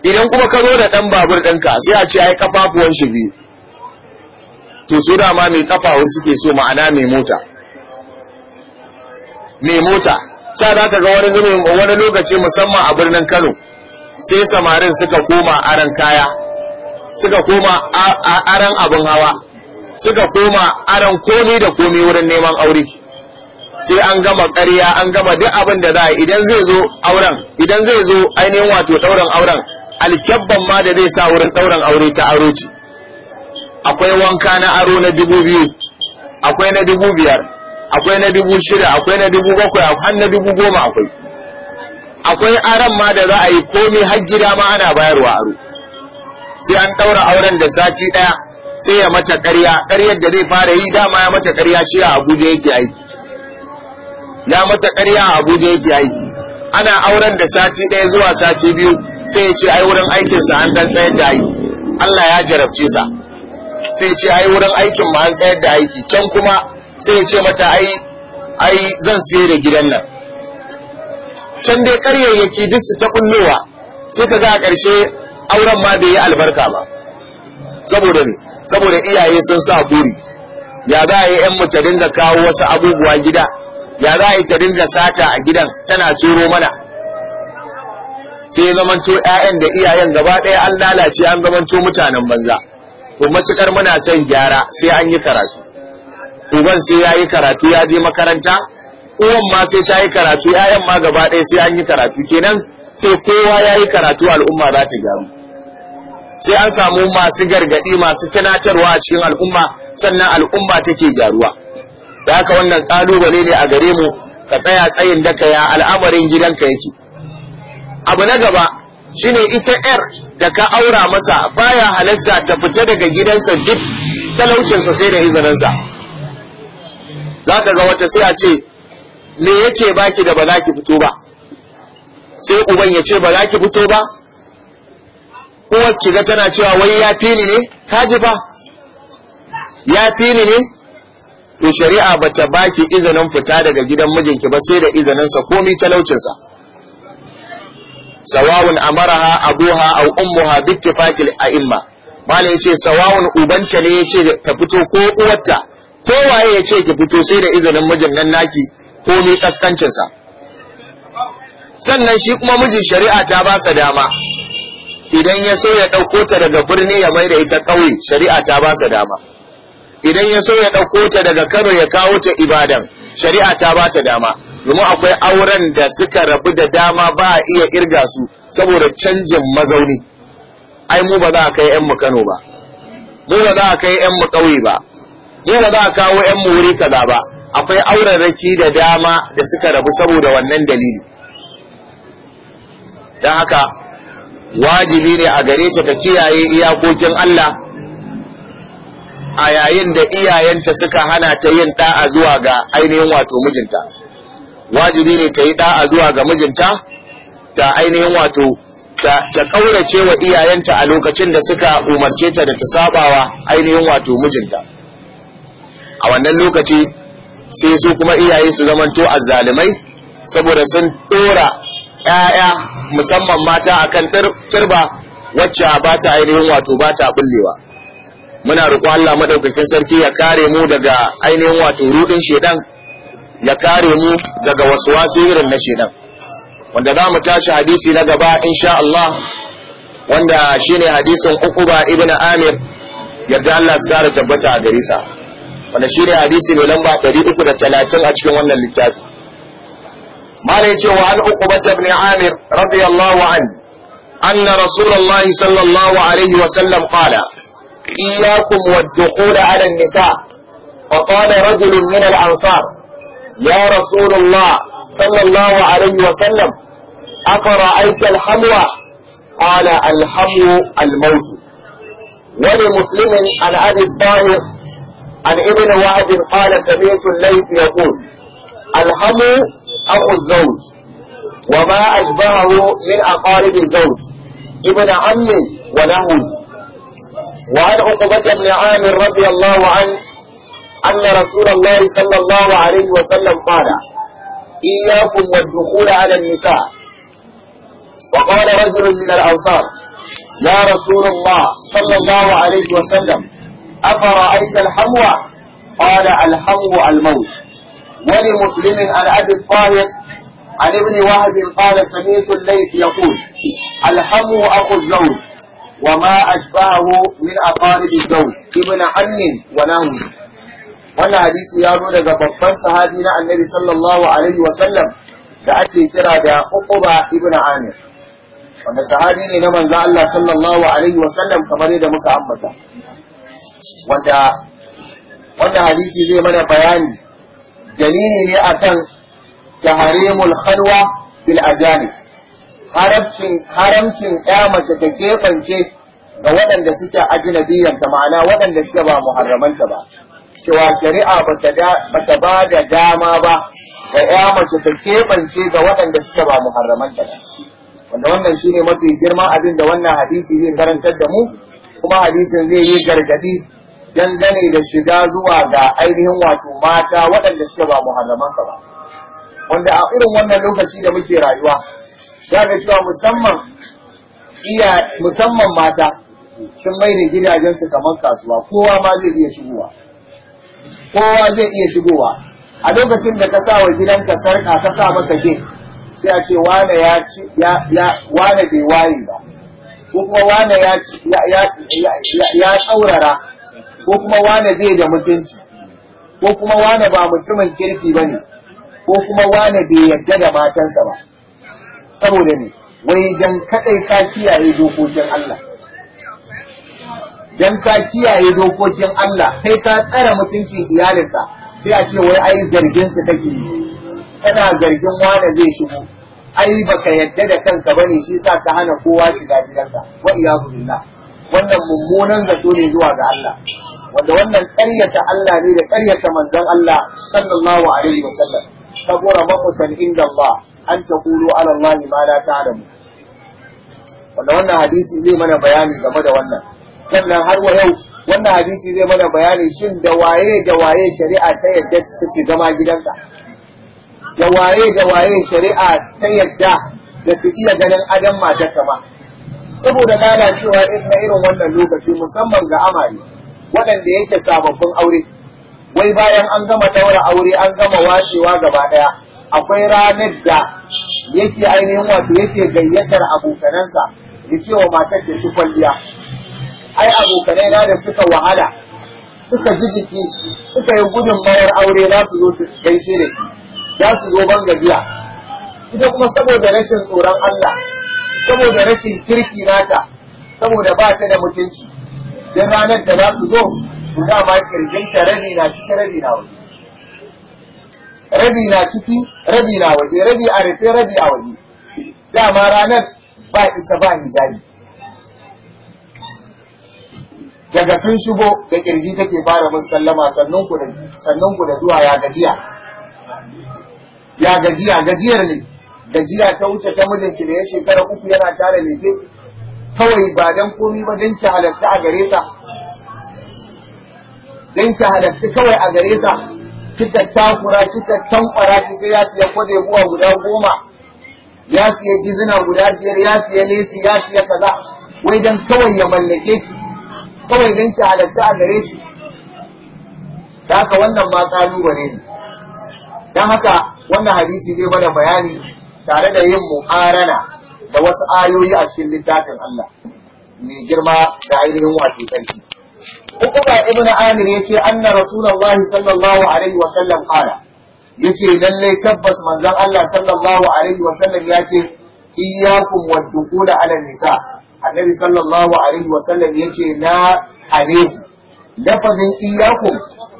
idan kuma ka zo da dan babur ɗinka sai a ce ai kafafuwan shi biyu to da ma mai kafawa suke so ma'ana mai mota mai mota sa za ka ga wani zumin wani lokaci musamman a birnin Kano sai samarin suka koma aran kaya suka koma aran abin hawa suka koma aran komi da komi wurin neman aure sai an gama ƙarya an gama duk abin da za a idan zai zo auren idan zai zo ainihin wato ɗauran auren alkyabban ma da zai sa wurin ɗauran aure ta aro ce akwai wanka na aro na dubu biyu akwai na dubu biyar akwai na dubu shida akwai na dubu bakwai har na dubu goma akwai akwai aran ma da za a yi komai har gida ma ana bayarwa aro sai an ɗaura auren da sati ɗaya sai ya mata ƙarya ƙaryar da zai fara yi dama ya mata ƙarya shi a Abuja yake aiki ya mata ƙarya a Abuja yake aiki ana auren da sati ɗaya zuwa sati biyu sai ya ce ai wurin aikinsa an dan tsayar da aiki Allah ya jarabce sa sai ya ce ai wurin aikin ma an tsayar da aiki can kuma sai ya ce mata ai ai zan siye da gidan nan can dai yake duk su ta kullowa sai ka ga a ƙarshe auren ma bai yi albarka ba saboda ne saboda iyaye sun sa buri ya za a yi yan mu ta dinga kawo wasu abubuwa gida ya za a yi ta dinga sata a gidan tana turo mana sai zamanto ƴaƴan da iyayen gaba ɗaya an lalace an zamanto mutanen banza to matukar muna son gyara sai an yi karatu uban sai ya yi karatu ya je makaranta uwan ma sai ta yi karatu ƴaƴan ma gaba ɗaya sai an yi karatu kenan sai kowa ya yi karatu al'umma za ta gyaru sai an samu masu gargadi masu tunatarwa a cikin al'umma sannan al'umma take gyaruwa da haka wannan kalubale ne a gare mu ka tsaya tsayin da ka ya al'amarin gidanka yake abu na gaba shine ita yar da ka aura masa baya halarta ta fita daga gidansa duk talaucinsa sai da izininsa za ka ga wata sai a ce me yake baki da ba za ki fito ba sai uban ya ce ba za ki fito ba uwar kiga tana cewa wai ya fi ni ne kaji ba ya fi ne to shari'a bata baki izinin fita daga gidan mijinki ba sai da izinin sa komai talaucin sa sawawun amaraha abuha aw ummuha bittifaqil a'imma mala yace sawawun ubanta ne yace ta fito ko uwarta ko waye yace ki fito sai da izinin mijin nan naki ko kaskancin sa sannan shi kuma mijin shari'a ta ba sa dama idan ya so ya ɗauko ta daga birni ya mai da ita ƙauye shari'a ta ba sa dama idan ya so ya ɗauko ta daga kano ya kawo ta ibadan shari'a ta ba ta dama domin akwai auren da suka rabu da dama ba a iya irga su saboda canjin mazauni ai mu ba za a kai yan mu kano ba mu ba za a kai yan mu ƙauye ba mu ba za a kawo yan mu wuri kaza ba akwai auren raki da dama da suka rabu saboda wannan dalili dan haka wajibi ne a gare ta ta kiyaye iyakokin Allah a yayin da iyayenta suka hana ta yin da'a zuwa ga ainihin wato mijinta wajibi ne ta yi da'a zuwa ga mijinta ta ainihin wato ta kaurace wa iyayenta a lokacin da suka umarce ta da ta sabawa ainihin wato mijinta a wannan lokaci sai su kuma iyaye su zamanto azzalimai saboda sun dora Ya'ya musamman mata akan turba wacce ba ta ainihin wato ba ta bullewa muna roƙo Allah madaukakin sarki ya kare mu daga ainihin wato ruɗin shedan ya kare mu daga wasu wasu irin na shedan wanda za mu tashi hadisi na gaba insha Allah wanda shine hadisin Uqba ibn Amir yadda Allah su kare tabbata a gare sa wanda shine hadisi mai lamba 330 a cikin wannan littafi ما ليتي وعن عقبة بن عامر رضي الله عنه أن رسول الله صلى الله عليه وسلم قال إياكم والدخول على النساء فقال رجل من الأنصار يا رسول الله صلى الله عليه وسلم أقرأيت الحموى قال الحمو الموت ولمسلم عن أبي الطاهر عن ابن وعد قال سمعت الليث يقول الحمو أخو الزوج وما أشبهه من أقارب الزوج ابن عم وله وعن عقبة بن عامر رضي الله عنه أن رسول الله صلى الله عليه وسلم قال إياكم والدخول على النساء وقال رجل من الأنصار يا رسول الله صلى الله عليه وسلم أفرأيت الحموى قال الحمو الموت ولمسلم عن أبي الطاهر عن ابن وهب قال سمعت الليث يقول الحم أخو الزوج وما أشبهه من أقارب الزوج ابن عم ونوم wannan hadisi ya zo daga babban sahabi na annabi sallallahu alaihi wasallam da ake kira da Uqba ibn Amir wanda sahabi ne na manzo Allah sallallahu alaihi wasallam kamar yadda muka ambata wanda wannan hadisi zai mana bayani dalili ne akan taharimul khalwa bil ajanib haramcin haramcin ya mace ta gefance ga waɗanda suke ajinabiyanta ma'ana waɗanda suke ba muharramanta ba cewa shari'a ba ta ba da dama ba ga ya mace ta keɓance ga waɗanda suke ba muharramanta ba wanda wannan shine mafi girma abin da wannan hadisi zai karantar da mu kuma hadisin zai yi gargadi dangane da shiga zuwa ga ainihin wato mata waɗanda suke ba muharramanka ba wanda a irin wannan lokaci da muke rayuwa za ga cewa musamman iya musamman mata sun mai da gidajensu kamar kasuwa kowa ma zai iya shigowa kowa zai iya shigowa a lokacin da ka sa wa gidanka sarka ka sa masa gin sai a ce wane ya ci ya wane bai ware ba ko kuma wane ya ya ya ya ya, ya, ya, ya, ya, ya, ya, ya, ya ko kuma wane zai da mutunci ko kuma wane ba mutumin kirki ba ne ko kuma wane bai yadda da matansa ba saboda ne wai dan kadai ka kiyaye dokokin Allah dan ka kiyaye dokokin Allah kai ka tsara mutuncin iyalinka sai a ce wai ai zargin su kake yi kana zargin wane zai shigo ai baka yadda da kanka bane shi sa ka hana kowa shiga gidanka wa iyyahu billah wannan mummunan zato ne zuwa ga Allah wanda wannan ƙaryata Allah ne da ƙaryata manzon Allah sallallahu alaihi wasallam kabura maqtan inda Allah an taqulu ala Allah ma la ta'lamu wanda wannan hadisi zai mana bayani game da wannan sannan har wa yau wannan hadisi zai mana bayani shin da waye da waye shari'a ta yadda ta shiga ma gidanka da waye da waye shari'a ta yadda da su iya ganin adam matarka ba saboda lalacewa na irin wannan lokaci musamman ga amari. waɗanda yake sababbin aure wai bayan an gama daura aure an gama washewa gaba ɗaya akwai ranar da yake ainihin wato yake gayyatar abokanansa ya ce wa matar da ci kwalliya ai abokanai na da suka wahala suka ji jiki suka yi gudun mayar aure za su zo su gaishe da shi za su zo ban gajiya ita kuma saboda rashin tsoron Allah saboda rashin kirki nata saboda ba ta da mutunci dan ranar da za su zo to ma kirjin ta rabi na cikin rabi na waje rabi na ciki rabi na waje rabi a rufe rabi a waje dama ranar ba ita ba hijabi daga sun shigo da kirji take fara mun sallama sannan ku da zuwa ya gajiya ya gajiya gajiyar ne gajiya ta wuce ta mijinki da ya shekara uku yana tare leke kawai ba dan komi ba dan ki halarci a gare sa dan ki halarci kawai a gare sa kika takura kika tankwara ki sai ya siya kwade buwa guda goma ya siya gizina guda biyar ya siya lesi ya siya kaza wai dan kawai ya mallake ki kawai dan ki halarci a gare shi da haka wannan ma kalubale ne dan haka wannan hadisi zai bada bayani tare da yin mu'arana da wasu ayoyi a cikin littafin Allah mai girma da ainihin wato sarki Ukuba ibn Amir ya yace anna Rasulullah sallallahu alaihi wa sallam qala yace lalle tabbas manzon Allah sallallahu alaihi wa sallam ya yace iyyakum wad-dukhul ala nisa annabi sallallahu alaihi wa sallam yace na alaihi lafazin iyyakum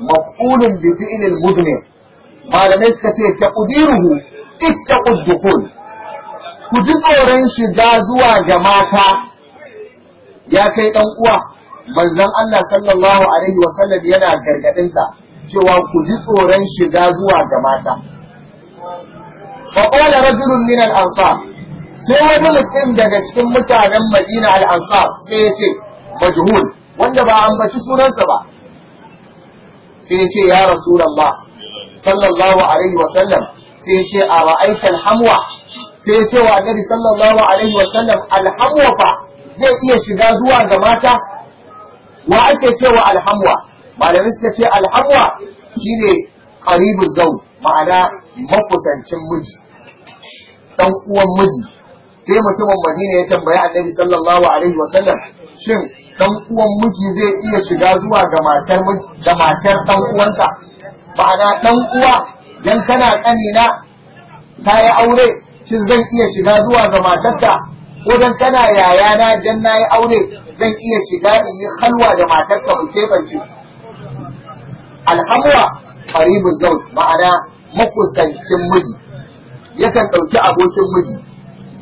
maf'ulun bi fi'lil mudmir malamai suka ce taqudiruhu ittaqud dukhul ku ji tsoron shiga zuwa ga mata ya kai ɗan uwa manzon Allah sallallahu alaihi wasallam yana gargaɗinsa cewa ku ji tsoron shiga zuwa ga mata fa qala rajulun min al sai wani mutum daga cikin mutanen Madina al sai ya ce majhul wanda ba an ambaci sunansa ba sai ya ce ya rasulullah sallallahu alaihi wasallam sai ya ce a ra'aikal hamwa sai ya ce wa annabi sallallahu alaihi wa sallam alhamwa fa zai iya shiga zuwa ga mata wa ake cewa alhamwa malamai suka ce alhamwa shine qaribu zau ma'ana mafusancin miji dan uwan miji sai mutumin Madina ya tambayi annabi sallallahu alaihi wa sallam shin dan uwan miji zai iya shiga zuwa ga matar ga matar dan uwansa ma'ana dan uwa dan kana kanina ta yi aure shin zan iya shiga zuwa ga matarka ko dan kana na dan nayi aure zan iya shiga in yi halwa da matarka mu kebance alhamwa qaribu zawj ma'ana makusancin miji yakan dauki abokin miji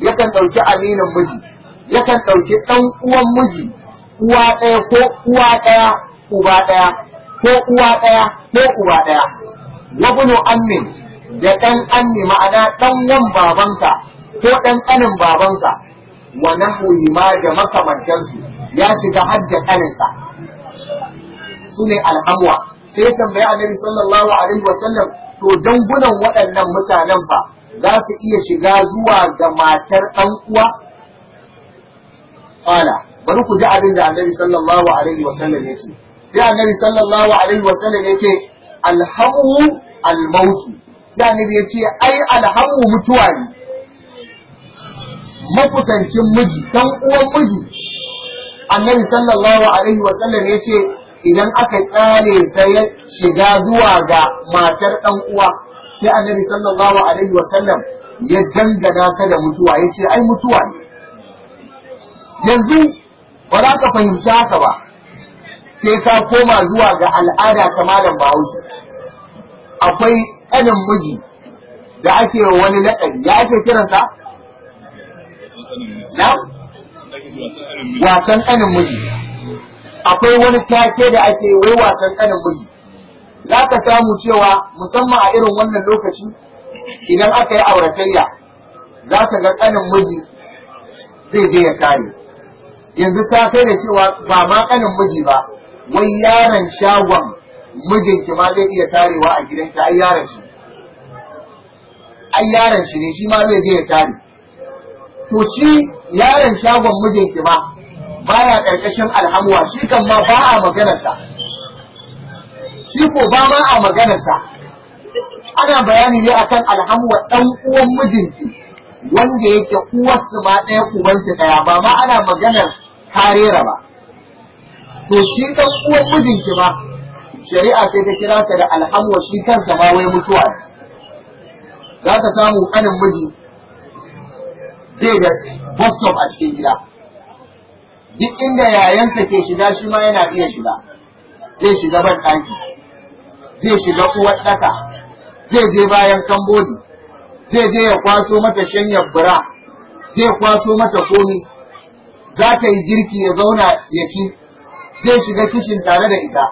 yakan dauki aminin miji yakan dauki dan uwan miji uwa ɗaya ko uwa ɗaya uba ɗaya ko uwa ɗaya ko uba ɗaya wabnu ammin da ɗan ne ma'ana ɗan wan babanka ko ɗan ƙanin babanka wa nahwi ma da makamantansu ya shiga hadda ƙaninka su ne alhamwa sai ya tambayi annabi sallallahu alaihi wa sallam to dangunan waɗannan mutanen fa za su iya shiga zuwa ga matar ɗan uwa ƙala bari ku ji abin da annabi sallallahu alaihi wa sallam ya ce sai annabi sallallahu alaihi wa sallam ya ce alhamu almautu sai annabi ya ce ai alhamu mutuwa ne makusancin miji dan uwan miji annabi sallallahu alaihi wa sallam ya ce idan aka tsare sai shiga zuwa ga matar dan uwa sai annabi sallallahu alaihi wa sallam ya dangana sa da mutuwa ya ce ai mutuwa ne yanzu ba za ka fahimci haka ba sai ka koma zuwa ga al'ada ta malam bahaushe akwai kanin miji da ake wani laƙari ya ake kiransa? Na? Wasan kanin miji. Akwai wani take da ake wai wasan kanin miji. Za ka samu cewa musamman a irin wannan lokaci idan aka yi auratayya za ka ga kanin miji zai je ya kare. Yanzu ta kai da cewa ba ma kanin miji ba, wai yaron shagon mijinki ma zai iya tarewa a gidanki ai yaran shi ai yaron shi ne shi ma zai je ya tare to shi yaron shagon mijinki ma baya karkashin alhamwa shi kan ma ba a maganarsa shi ko ba ma a maganarsa ana bayani ne akan alhamwa dan uwan mijinki wanda yake uwarsu ma ɗaya su ɗaya ba ma ana maganar karera ba to shi dan uwan mijinki ma shari'a sai ta kira sa da alhamwa shi kansa ba wai mutuwa ne za ka samu kanin miji bai da bostop a cikin gida duk inda yayansa ke shiga shi ma yana iya shiga zai shiga ban ɗaki zai shiga uwar ɗaka zai je bayan kambodi zai je ya kwaso mata shanyar bura zai kwaso mata komi za ta yi girki ya zauna ya ci zai shiga kishin tare da ita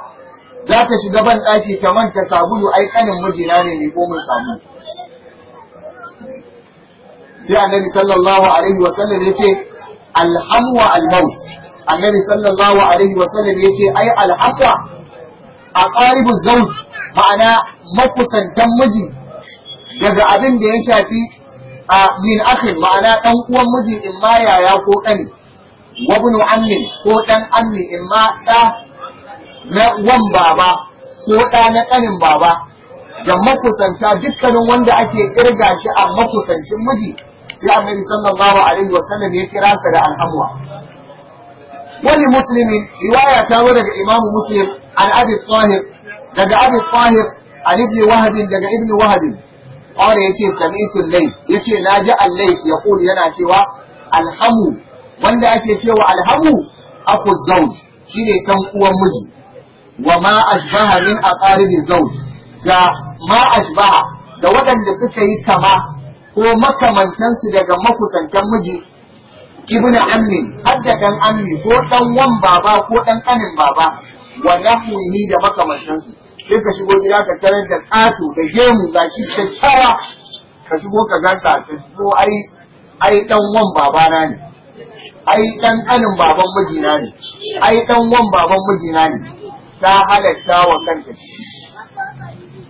za ta shiga ban ɗaki ta manta sabulu ai kanin mijina ne mai komin samu sai annabi sallallahu alaihi wa sallam yace alhamwa almaut annabi sallallahu alaihi wa sallam yace ai alhamwa aqaribu zawj ma'ana makusantan miji daga abin da ya shafi a min akhin ma'ana dan uwan miji in ma yaya ko kani wa ibn ammi ko dan ammi in ma da na wan baba ko ɗa na ƙanin baba da makusanta dukkanin wanda ake irga shi a makusancin miji sai annabi sallallahu alaihi wasallam ya kira sa da alhamwa wani muslimin riwaya ta zo daga imam muslim an abi tahir daga abi tahir an ibn wahab daga ibn wahab qala yace sami'tu lay layth yace naji allai ya yaqul yana cewa alhamu wanda ake cewa alhamu aku zawj shine kan uwan miji wa ma ashbaha min aqaribi ga ma da waɗanda suka yi kama ko makamantansu daga makusantan miji ibn ammi har da dan ammi ko dan wan baba ko dan kanin baba wa nahwihi da makamantansu sai ka shigo gida ka tarar da ƙato da gemu ga shi kyakkyawa ka shigo ka gansa ka shigo ai ai dan wan babana ne ai dan kanin baban mijina ne ai dan wan baban mijina ne ta halatta wa kanta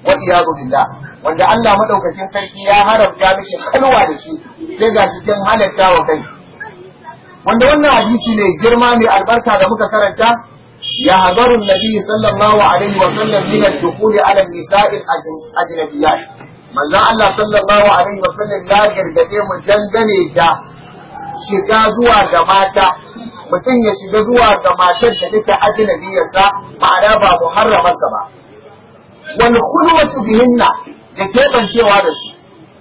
wa iyadu billah wanda Allah madaukakin sarki ya haramta mishi kalwa da shi sai ga shi kin halatta wa kai wanda wannan hadisi ne girma ne albarka da muka karanta ya hadaru nabi sallallahu alaihi wa sallam min al dukhul ala nisa'i ajnabiyyat. manzon Allah sallallahu alaihi wa sallam ya gargade mu dangane da shiga zuwa ga mata mutum ya shiga zuwa ga matar da take ajnabiyarsa ma'ana ba muharramarsa ba wal khulwatu bihinna da kebancewa da su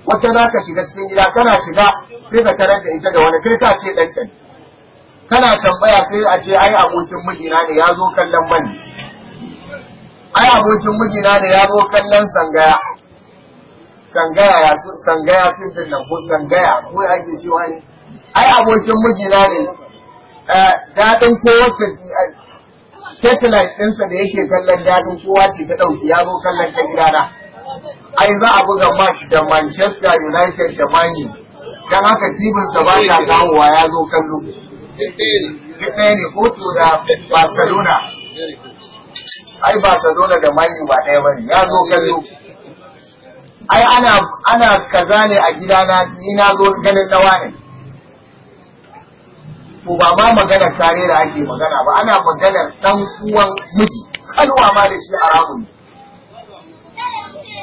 wata za ka shiga cikin gida kana shiga sai ka tarar da ita da wani kirka ce dan can kana tambaya sai a ce ai abokin mijina ne ya zo kallon bani ai abokin mijina ne ya zo kallon sangaya sangaya ya sangaya fitin nan ko sangaya ko ake cewa ne ai abokin mijina ne Eh, daɗin kowarsa satellite ɗinsa da yake kallon daɗin kowa ce ta ɗauki ya zo kallon ta gidana. Ai za a buga match da Manchester United da Mani, don haka tibinsa ba ta kawowa ya zo kallo. Ɗaya ne hoto da Barcelona. Ai Barcelona da Mani ba ɗaya ba ne, ya zo kallo. Ai ana kaza ne a gidana, ni na zo ganin nawa ne. to ba ma magana kare da ake magana ba ana magana dan uwan miji kalwa ma da shi haramun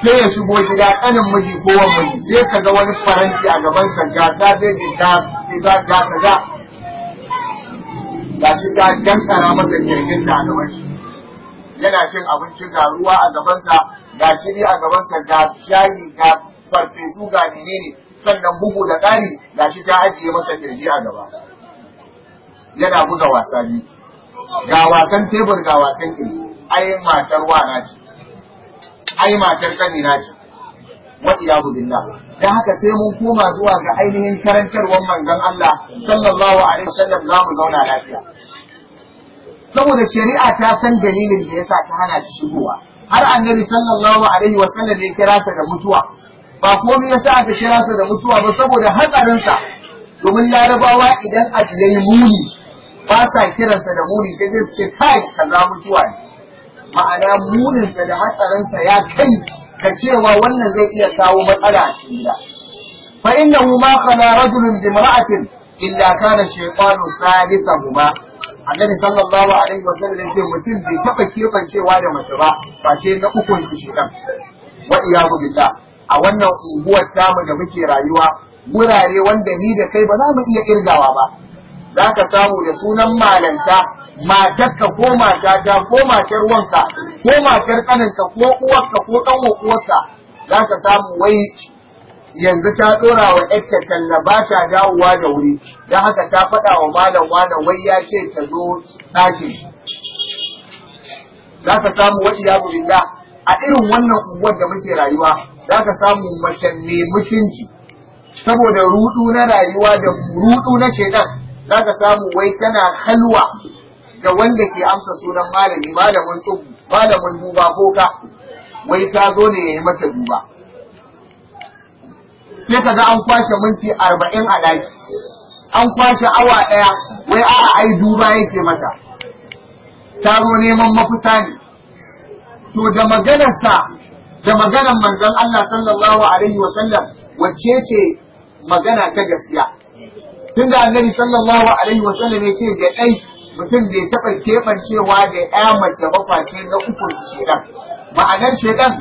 sai ya shigo gida kanin miji ko wan miji sai ka ga wani faranti a gaban sa ga ga da ga ga ga ga ga shi ga dankara masa kirgin da a gaban shi yana cin abinci ga ruwa a gabansa ga shiri a gabansa ga shayi ga farfesu ga menene sannan bugu da ƙari ga shi ta ajiye masa kirji a gaba yana buga wasa ne ga wasan tebur ga wasan ɗin ai matar wana ce ai matar kani na ce wa iyahu billah dan haka sai mun koma zuwa ga ainihin karantarwar manzon Allah sallallahu alaihi wasallam za mu zauna lafiya saboda shari'a ta san dalilin da yasa ta hana shi shigowa har annabi sallallahu alaihi wasallam ya kira sa da mutuwa ba komai yasa aka kira sa da mutuwa ba saboda hatsarinsa domin larabawa idan abu yayi muni ba sa kiransa da muni sai zai ce kai kaza mutuwa ne ma'ana muninsa da hatsarinsa ya kai ka cewa wannan zai iya kawo matsala a cikin gida fa innahu ma khala rajulun bi imra'atin illa kana shaytanu thalithahuma annabi sallallahu alaihi wasallam ce mutum bai taba kebancewa da mace ba ba ce na ukun shi shedan wa iyyahu billah a wannan unguwar tamu da muke rayuwa wurare wanda ni da kai ba za mu iya kirgawa ba za ka samu da sunan malanta matarka ko matata ko matar wanka ko matar kaninka ko uwarka ko ɗan uwarka za ka samu wai yanzu ta ɗora wa ƴarta talla ba ta dawowa da wuri don haka ta faɗa wa malam wani wai ya ce ta zo ɗakin za ka samu wa iyabu billah a irin wannan unguwar da muke rayuwa za ka samu mace mai mutunci saboda rudu na rayuwa da rudu na shekar Zaka samu wai tana halwa da wanda ke amsa sunan malami malamin malamin duba ko ka wai ta zo ne ya mata duba sai ka ga an kwashe minti arba'in a ɗaki an kwashe awa ɗaya wai a'a ai duba yake mata ta zo neman mafita ne to da sa da maganar manzon Allah sallallahu alaihi wasallam wacce ce magana ta gaskiya tun da annabi sallallahu alaihi wa sallam ya ce da ɗai mutum bai taɓa keɓancewa da ya mace bakwace na ukun shedan ma'anar shedan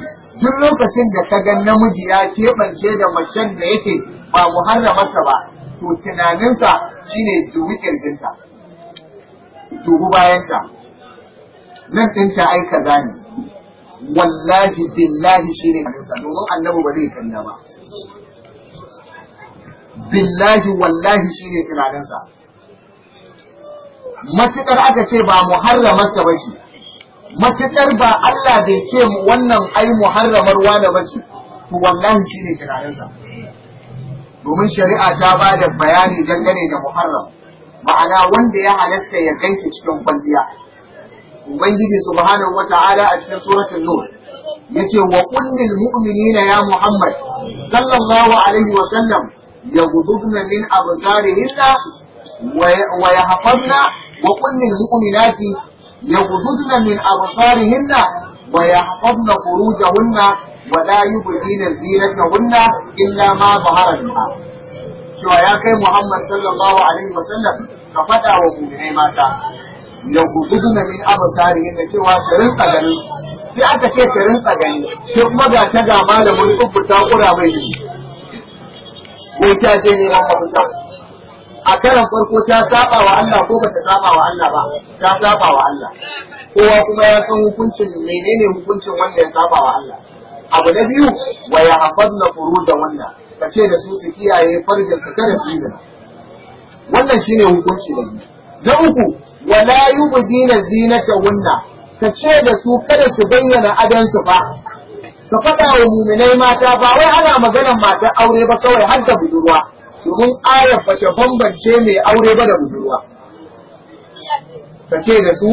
duk lokacin da ka ga namiji ya keɓance da macen da yake ba muharramarsa ba to tunaninsa shine dubi ƙirjinta dubu bayanta nan ɗinta ai kaza ne wallahi billahi shine kaninsa domin annabi ba zai kalla ba billahi wallahi shine tunaninsa matukar aka ce ba mu muharramarsa ba ce matukar ba Allah bai ce mu wannan ai muharramar da ba ce to wallahi shine tunaninsa domin shari'a ta ba da bayani dangane da muharram ma'ana wanda ya halasta ya ganke cikin kwalliya ubangiji subhanahu wata'ala a cikin suratul nur yace wa kullil mu'minina ya muhammad sallallahu alaihi wa sallam يغضبن من أبصارهن ويحفظن وقل المؤمنات يغضبن من أبصارهن ويحفظن فروجهن ولا يبدين زينتهن إلا ما ظهر منها cewa ya kai Muhammad sallallahu alaihi wasallam ka faɗa wa mu'minai mata da gudu na min abasari da cewa ka rinsa gani sai aka ce ka rinsa gani sai kuma ga ta ga malamin uku ta kura mai ko ta je neman mafita a karan farko ta saba wa Allah ko bata saba wa Allah ba ta saba wa Allah kowa kuma ya san hukuncin menene hukuncin wanda ya saba wa Allah abu na biyu wa ya hafadna furuja wannan ka ce da su su kiyaye farjin su kada su yi zina wannan shine hukunci da biyu na uku wala yubdina zinata wannan ka ce da su kada su bayyana adansu ba ka faɗa wa muminai mata ba wai ana maganar mata aure ba kawai har da budurwa domin ayar ba bambance mai aure ba da budurwa ka ce da su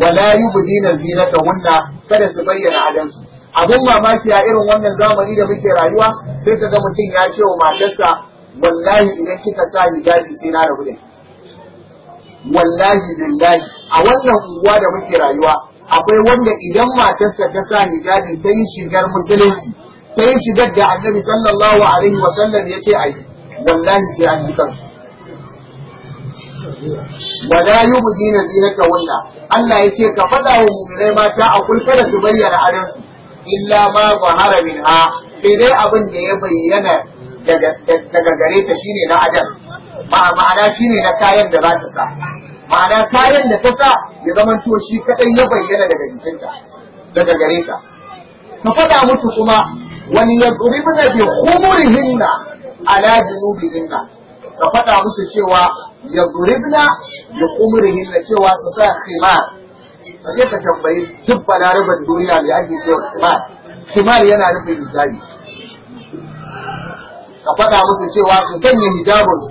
wala yubdina zinatahunna kada su bayyana adansu Abin mamaki a irin wannan zamani da muke rayuwa sai ka ga mutum ya ce wa matarsa wallahi idan kika sa hijabi sai na rabu da wallahi billahi a wannan unguwa da muke rayuwa akwai wanda idan matarsa ta sa hijabi ta yi shigar musulunci ta yi shigar da annabi sallallahu alaihi wa sallam ya ce ayi wallahi sai an yi kansu wala yubdina zinatahunna Allah yace ka fada wa mu'minai mata a kulfa da su bayyana aran su illa ma zahara minha sai dai abin da ya bayyana daga gare ta shine na adam ma'ana shine na kayan da za ta sa ma'ana kayan da ta sa ya zama to shi kadai ya bayyana daga jikinka daga gare ka ka faɗa musu kuma wani ya zuribna bi hinna ala hinna ka faɗa musu cewa ya zuribna bi hinna cewa su sa khimar je ka tambayi duk balarabar duniya mai ake cewa khimar khimar yana nufin hijabi ka faɗa musu cewa su sanya hijabinsu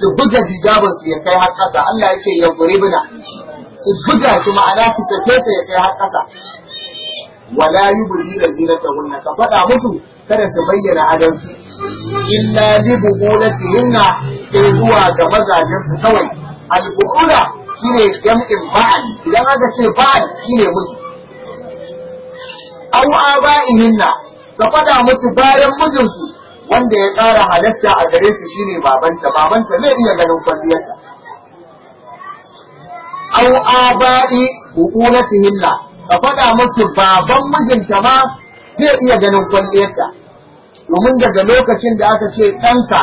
su buga hijabinsu ya kai har ƙasa Allah ya ce ya su buga su ma'ana su tafe ta ya kai har ƙasa wala yubdi da zina ta hunna ka faɗa musu kada su bayyana adansu illa li hinna sai zuwa ga mazajen su kawai al-buhula shine jam'in ba'al idan aka ce ba'al shine miji aw aba'ihinna ka faɗa musu bayan mijinsu wanda ya ƙara halatta a gare su shine babanta babanta zai iya ganin kwalliyarta au aba'i hilla ka faɗa musu baban mijinta ma zai iya ganin kwalliyarta domin daga lokacin da aka ce ɗanka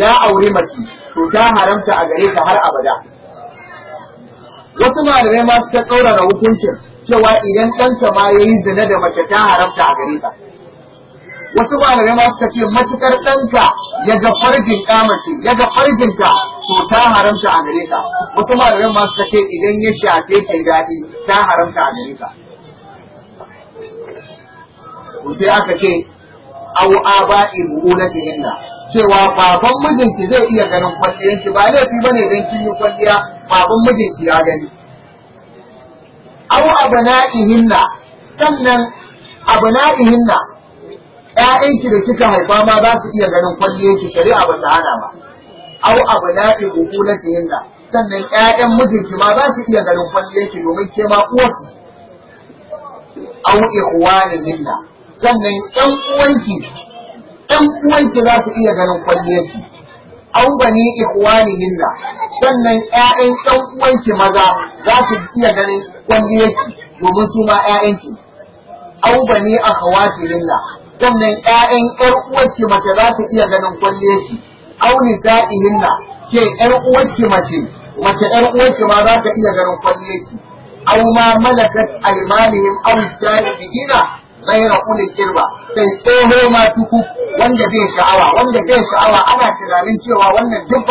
ya auri mace to ta haramta a gare ka har abada wasu malamai ma suka tsaurara hukuncin cewa idan ɗanka ma ya yi zina da mace ta haramta a gare ka wasu malamai ma suka ce matukar ɗanka ya ga farjin mace ya ga farjinta to ta haramta a gare ka wasu malamai ma suka ce idan ya shafe ta daɗi ta haramta a gare ka ku sai aka ce au aba hinna cewa baban mijinki zai iya ganin kwalliyanki ba laifi bane dan kin yi kwalliya baban mijinki ya gani au abana'ihinna sannan hinna ƴaƴanki da kika haifa ma za su iya ganin kwalliyarki shari'a ba ta hana ba au abna'i uqulatihinna sannan ƴaƴan mijinki ma za su iya ganin kwalliyarki domin ke ma uwarsu au ikhwanihinna sannan ƴan uwanki ƴan uwanki za su iya ganin kwalliyarki au bani ikhwanihinna sannan ƴaƴan ƴan uwanki maza za su iya ganin kwalliyarki domin su ma ƴaƴanki au bani akhawatihinna sannan ƴaƴan ƴar uwarki mace za ta iya ganin kwalle auni aw nisa'ihinna ke ƴar uwarki mace mace ƴar uwarki ma za ta iya ganin kwalle ki au ma malakat aymanihim aw ta'ibiina ghayra ulil qurba sai tsoho ma tuku wanda bai sha'awa wanda bai sha'awa ana tunanin cewa wannan duk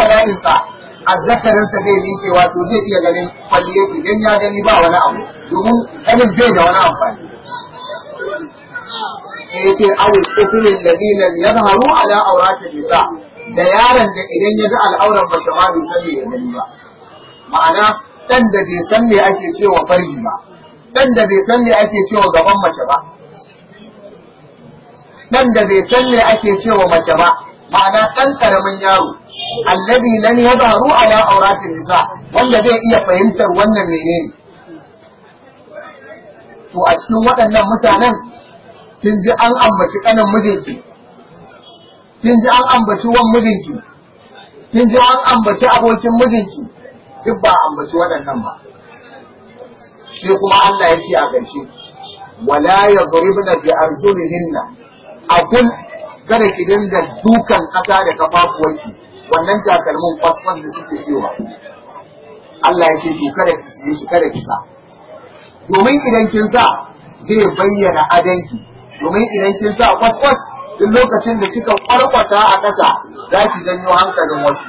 zakarin sa zai miƙe wato zai iya ganin kwalle ki dan ya gani ba wani abu domin ɗanin bai da wani amfani sai ya ce awil kufulin ladina yadharu ala aurata nisa da yaron da idan ya ga al'auran mace ma bai san me ya gani ba ma'ana dan da bai san me ake cewa farji ba dan da bai san me ake cewa gaban mace ba dan da bai san me ake cewa mace ba ma'ana dan karamin yaro alladhi lam yadharu ala auratin nisa wanda zai iya fahimtar wannan menene to a cikin waɗannan mutanen kin ji an ambaci kanan mijinki kin ji an ambaci wan mijinki kin an ambaci abokin mijinki duk ba ambaci waɗannan ba sai kuma Allah ya ce a ƙarshe wala yadribna bi arjulihinna akul kada ki dinga dukan ƙasa da kafafuwarki wannan takalmin kwasfan da suke cewa Allah ya ce to kada ki shi kada ki sa domin idan kin sa zai bayyana adanki domin idan kin sa kwaskwas duk lokacin da kika kwarkwasa a ƙasa za ki janyo hankalin wasu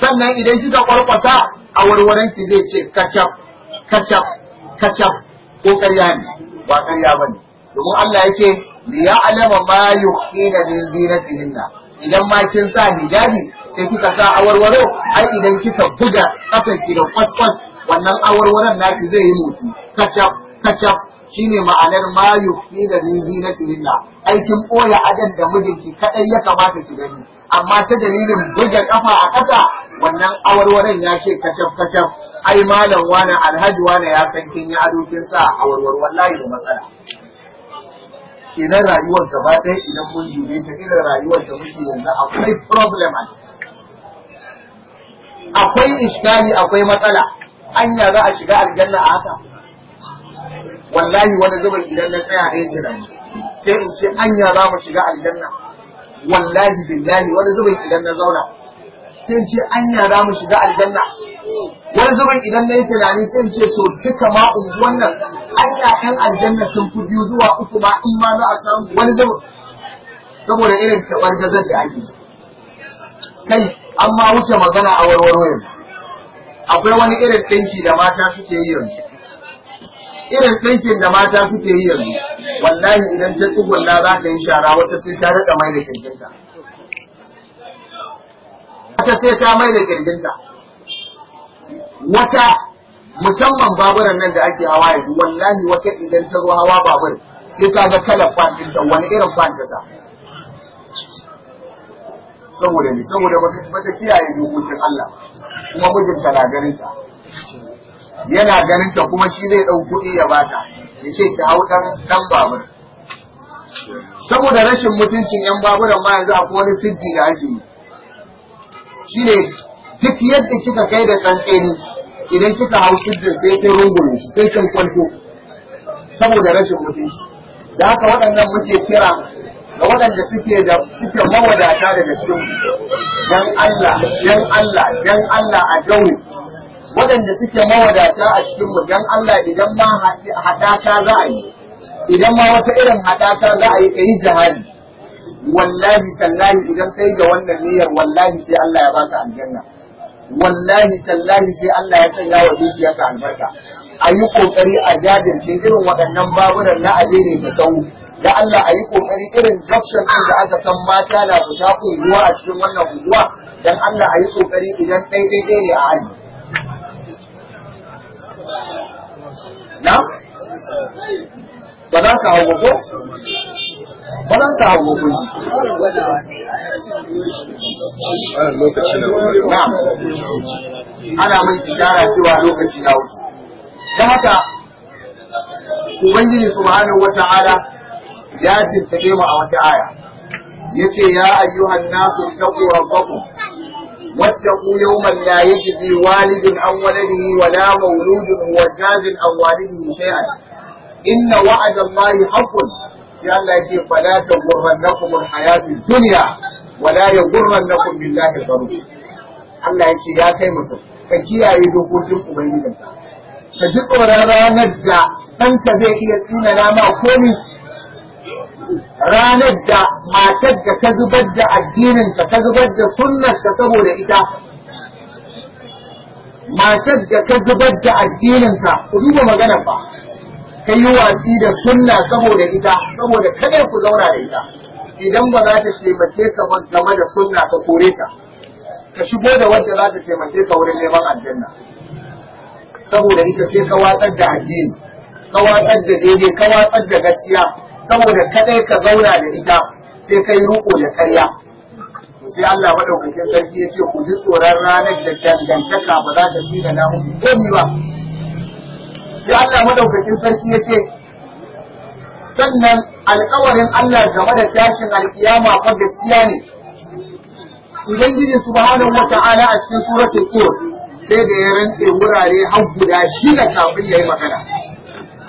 sannan idan kika kwarkwasa a warwaran ki zai ce kacaf kacaf kacaf ko karya ne ba karya bane domin Allah ya ce li ya'lama ma yukhina min zinatihinna idan ma kin sa hijabi sai kika sa awarwaro ai idan kika buga kafin ki da kwaskwas wannan awarwaron naki zai yi motsi kacaf kacaf shine ma'anar ma fi da rihi na tirinna aikin ɓoye adan da mijinki kaɗai ya kamata ki gani amma ta dalilin buga kafa a ƙasa wannan awarwaran ya ce kacaf kacaf ai malam wani alhaji wani ya san kin yi adokin sa awarwar wallahi da matsala Ina rayuwar gaba ɗaya idan mun dube ta irin rayuwar da muke yanzu akwai problem a akwai iskali akwai matsala anya za a shiga aljanna a haka wallahi wani zubin idan na tsaya ne tunani sai in ce anya za mu shiga aljanna wallahi billahi wani zubin idan na zauna sai in ce anya za mu shiga aljanna wani zubin idan na yi tunani sai in ce to duka ma unguwan nan anya ɗan aljanna sun fi biyu zuwa uku ma in ma za a samu wani zubin saboda irin taɓar gazar da ake kai an ma wuce magana a warwaro akwai wani irin ɗinki da mata suke yi yanzu irin ɗinkin da mata suke yi yanzu wallahi idan ta tsugunna za ta yi shara wata sai ta rika mai da kirjinta wata sai ta mai da kirjinta wata musamman baburan nan da ake hawa yanzu wallahi wata idan ta zo hawa babur sai ta ga kalar ta, wani irin fantasa saboda ne saboda wata kiyaye dokokin Allah kuma mijinta na ganin ta yana ganin ta kuma shi zai ɗau kuɗi ya bata ya ce ki hau ɗan babur saboda rashin mutuncin yan baburan ma yanzu akwai wani siddi da ake yi ne duk yadda kika kai da tsantseni idan kika hau siddin sai kin rungume sai kin kwanto saboda rashin mutunci da haka waɗannan muke kira da waɗanda suke da suke mawadata daga cikin dan Allah dan Allah dan Allah a gauri waɗanda suke mawadata a cikin mu dan Allah idan ma hadaka za a yi idan ma wata irin hadaka za a yi kai jihadi wallahi tallahi idan kai ga wannan niyyar wallahi sai Allah ya baka aljanna wallahi tallahi sai Allah ya sanya wa dukiyarka albarka a yi kokari a jajirce irin waɗannan baburan na aje ne sau da Allah a yi kokari irin junction ɗin da aka san mata na fita kunguwa a cikin wannan unguwa dan Allah a yi kokari idan ɗaiɗaiɗai ne a aji na ba za su hau ko ba za su hau ko na ana mai tijara cewa lokaci na wuce Ta haka ubangiji wata wata'ala ya jintabe mu a wata aya Ya ce ya ayyuhan nasu taqu rabbakum واتقوا يوما لا يجزي والد عن ولده ولا مولود هو جاز عن والده شيئا إن وعد الله حق الله يجي فلا تغرنكم الحياة الدنيا ولا يغرنكم بالله الضرور الله يجي يا كيمتو كجيا يدوكوتم أبيني ka ji tsoron ranar da ɗanka zai iya tsina nama komi ranar da matar da ta zubar da addininta ta zubar da sunnarta saboda ita matar da ta zubar da addininta ku duba magana ba ka yi watsi da sunna saboda ita saboda kada ku zauna da ita idan ba za ta taimake ka game da sunna ka kore ta ka shigo da wadda za ta taimake ka wurin neman aljanna saboda ita sai ka watsar da addini ka watsar da daidai ka watsar da gaskiya saboda kadai ka zauna da ita sai kai ruko da karya sai Allah madaukakin sarki ya ce ku ji tsoron ranar da dangantaka ba za ta tsira na muku komi ba sai Allah madaukakin sarki ya ce sannan alkawarin Allah game da tashin alkiyama fa gaskiya ne Ubangiji subhanahu wata'ala a cikin suratul Qur sai da ya rantse wurare har guda shida kafin yayi magana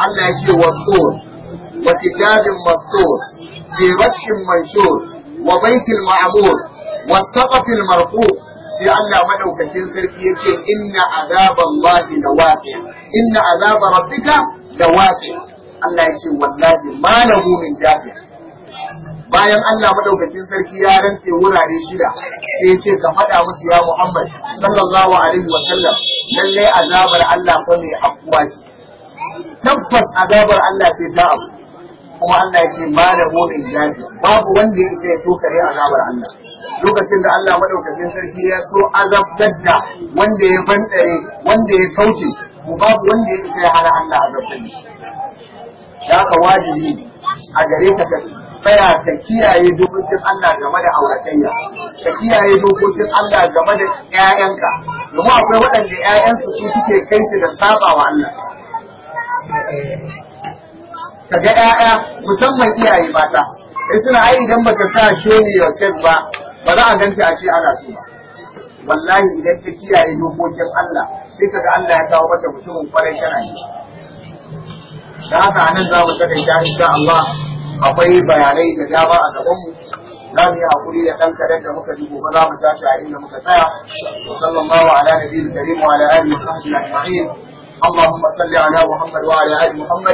Allah ya ce wa Qur وكتاب مسطور في رش منشور وبيت المعمور والسقف المرفوع sai Allah madaukakin sarki ya ce inna azaballahi lawaqi inna azaba rabbika lawaqi Allah ya ce wallahi ma lahu min dafi bayan Allah madaukakin sarki ya rantse wurare shida sai ya ce ka faɗa musu ya Muhammad sallallahu alaihi wa sallam lalle azabar Allah fa mai ce tabbas azabar Allah sai ta abu kuma Allah ya ce ma da mu jafi babu wanda ya sai kare azabar Allah lokacin da Allah madaukakin sarki ya so azab dadda wanda ya bandare wanda ya kauce mu babu wanda ya sai hana Allah azab dadda ya ka wajibi a gare ka tsaya ka kiyaye dokokin Allah game da auratayya ka kiyaye dokokin Allah game da ƴaƴanka domin akwai waɗanda ƴaƴansu su suke kai su da saba wa Allah ka ga 'ya'ya musamman iyaye mata in suna ai idan baka sa shoni ya ce ba ba za a ganta a ce ana so ba wallahi idan ta kiyaye dokokin Allah sai kaga Allah ya kawo mata mutumin kwarai shari'a da haka anan za mu kada ta insha Allah akwai bayanai da dama a gaban mu za mu yi hakuri da ɗan kaɗan da muka ji gobe za mu tashi a inda muka tsaya wa sallallahu ala nabiyil karim wa ala alihi wa sahbihi ajma'in اللهم صل على محمد وعلى ال محمد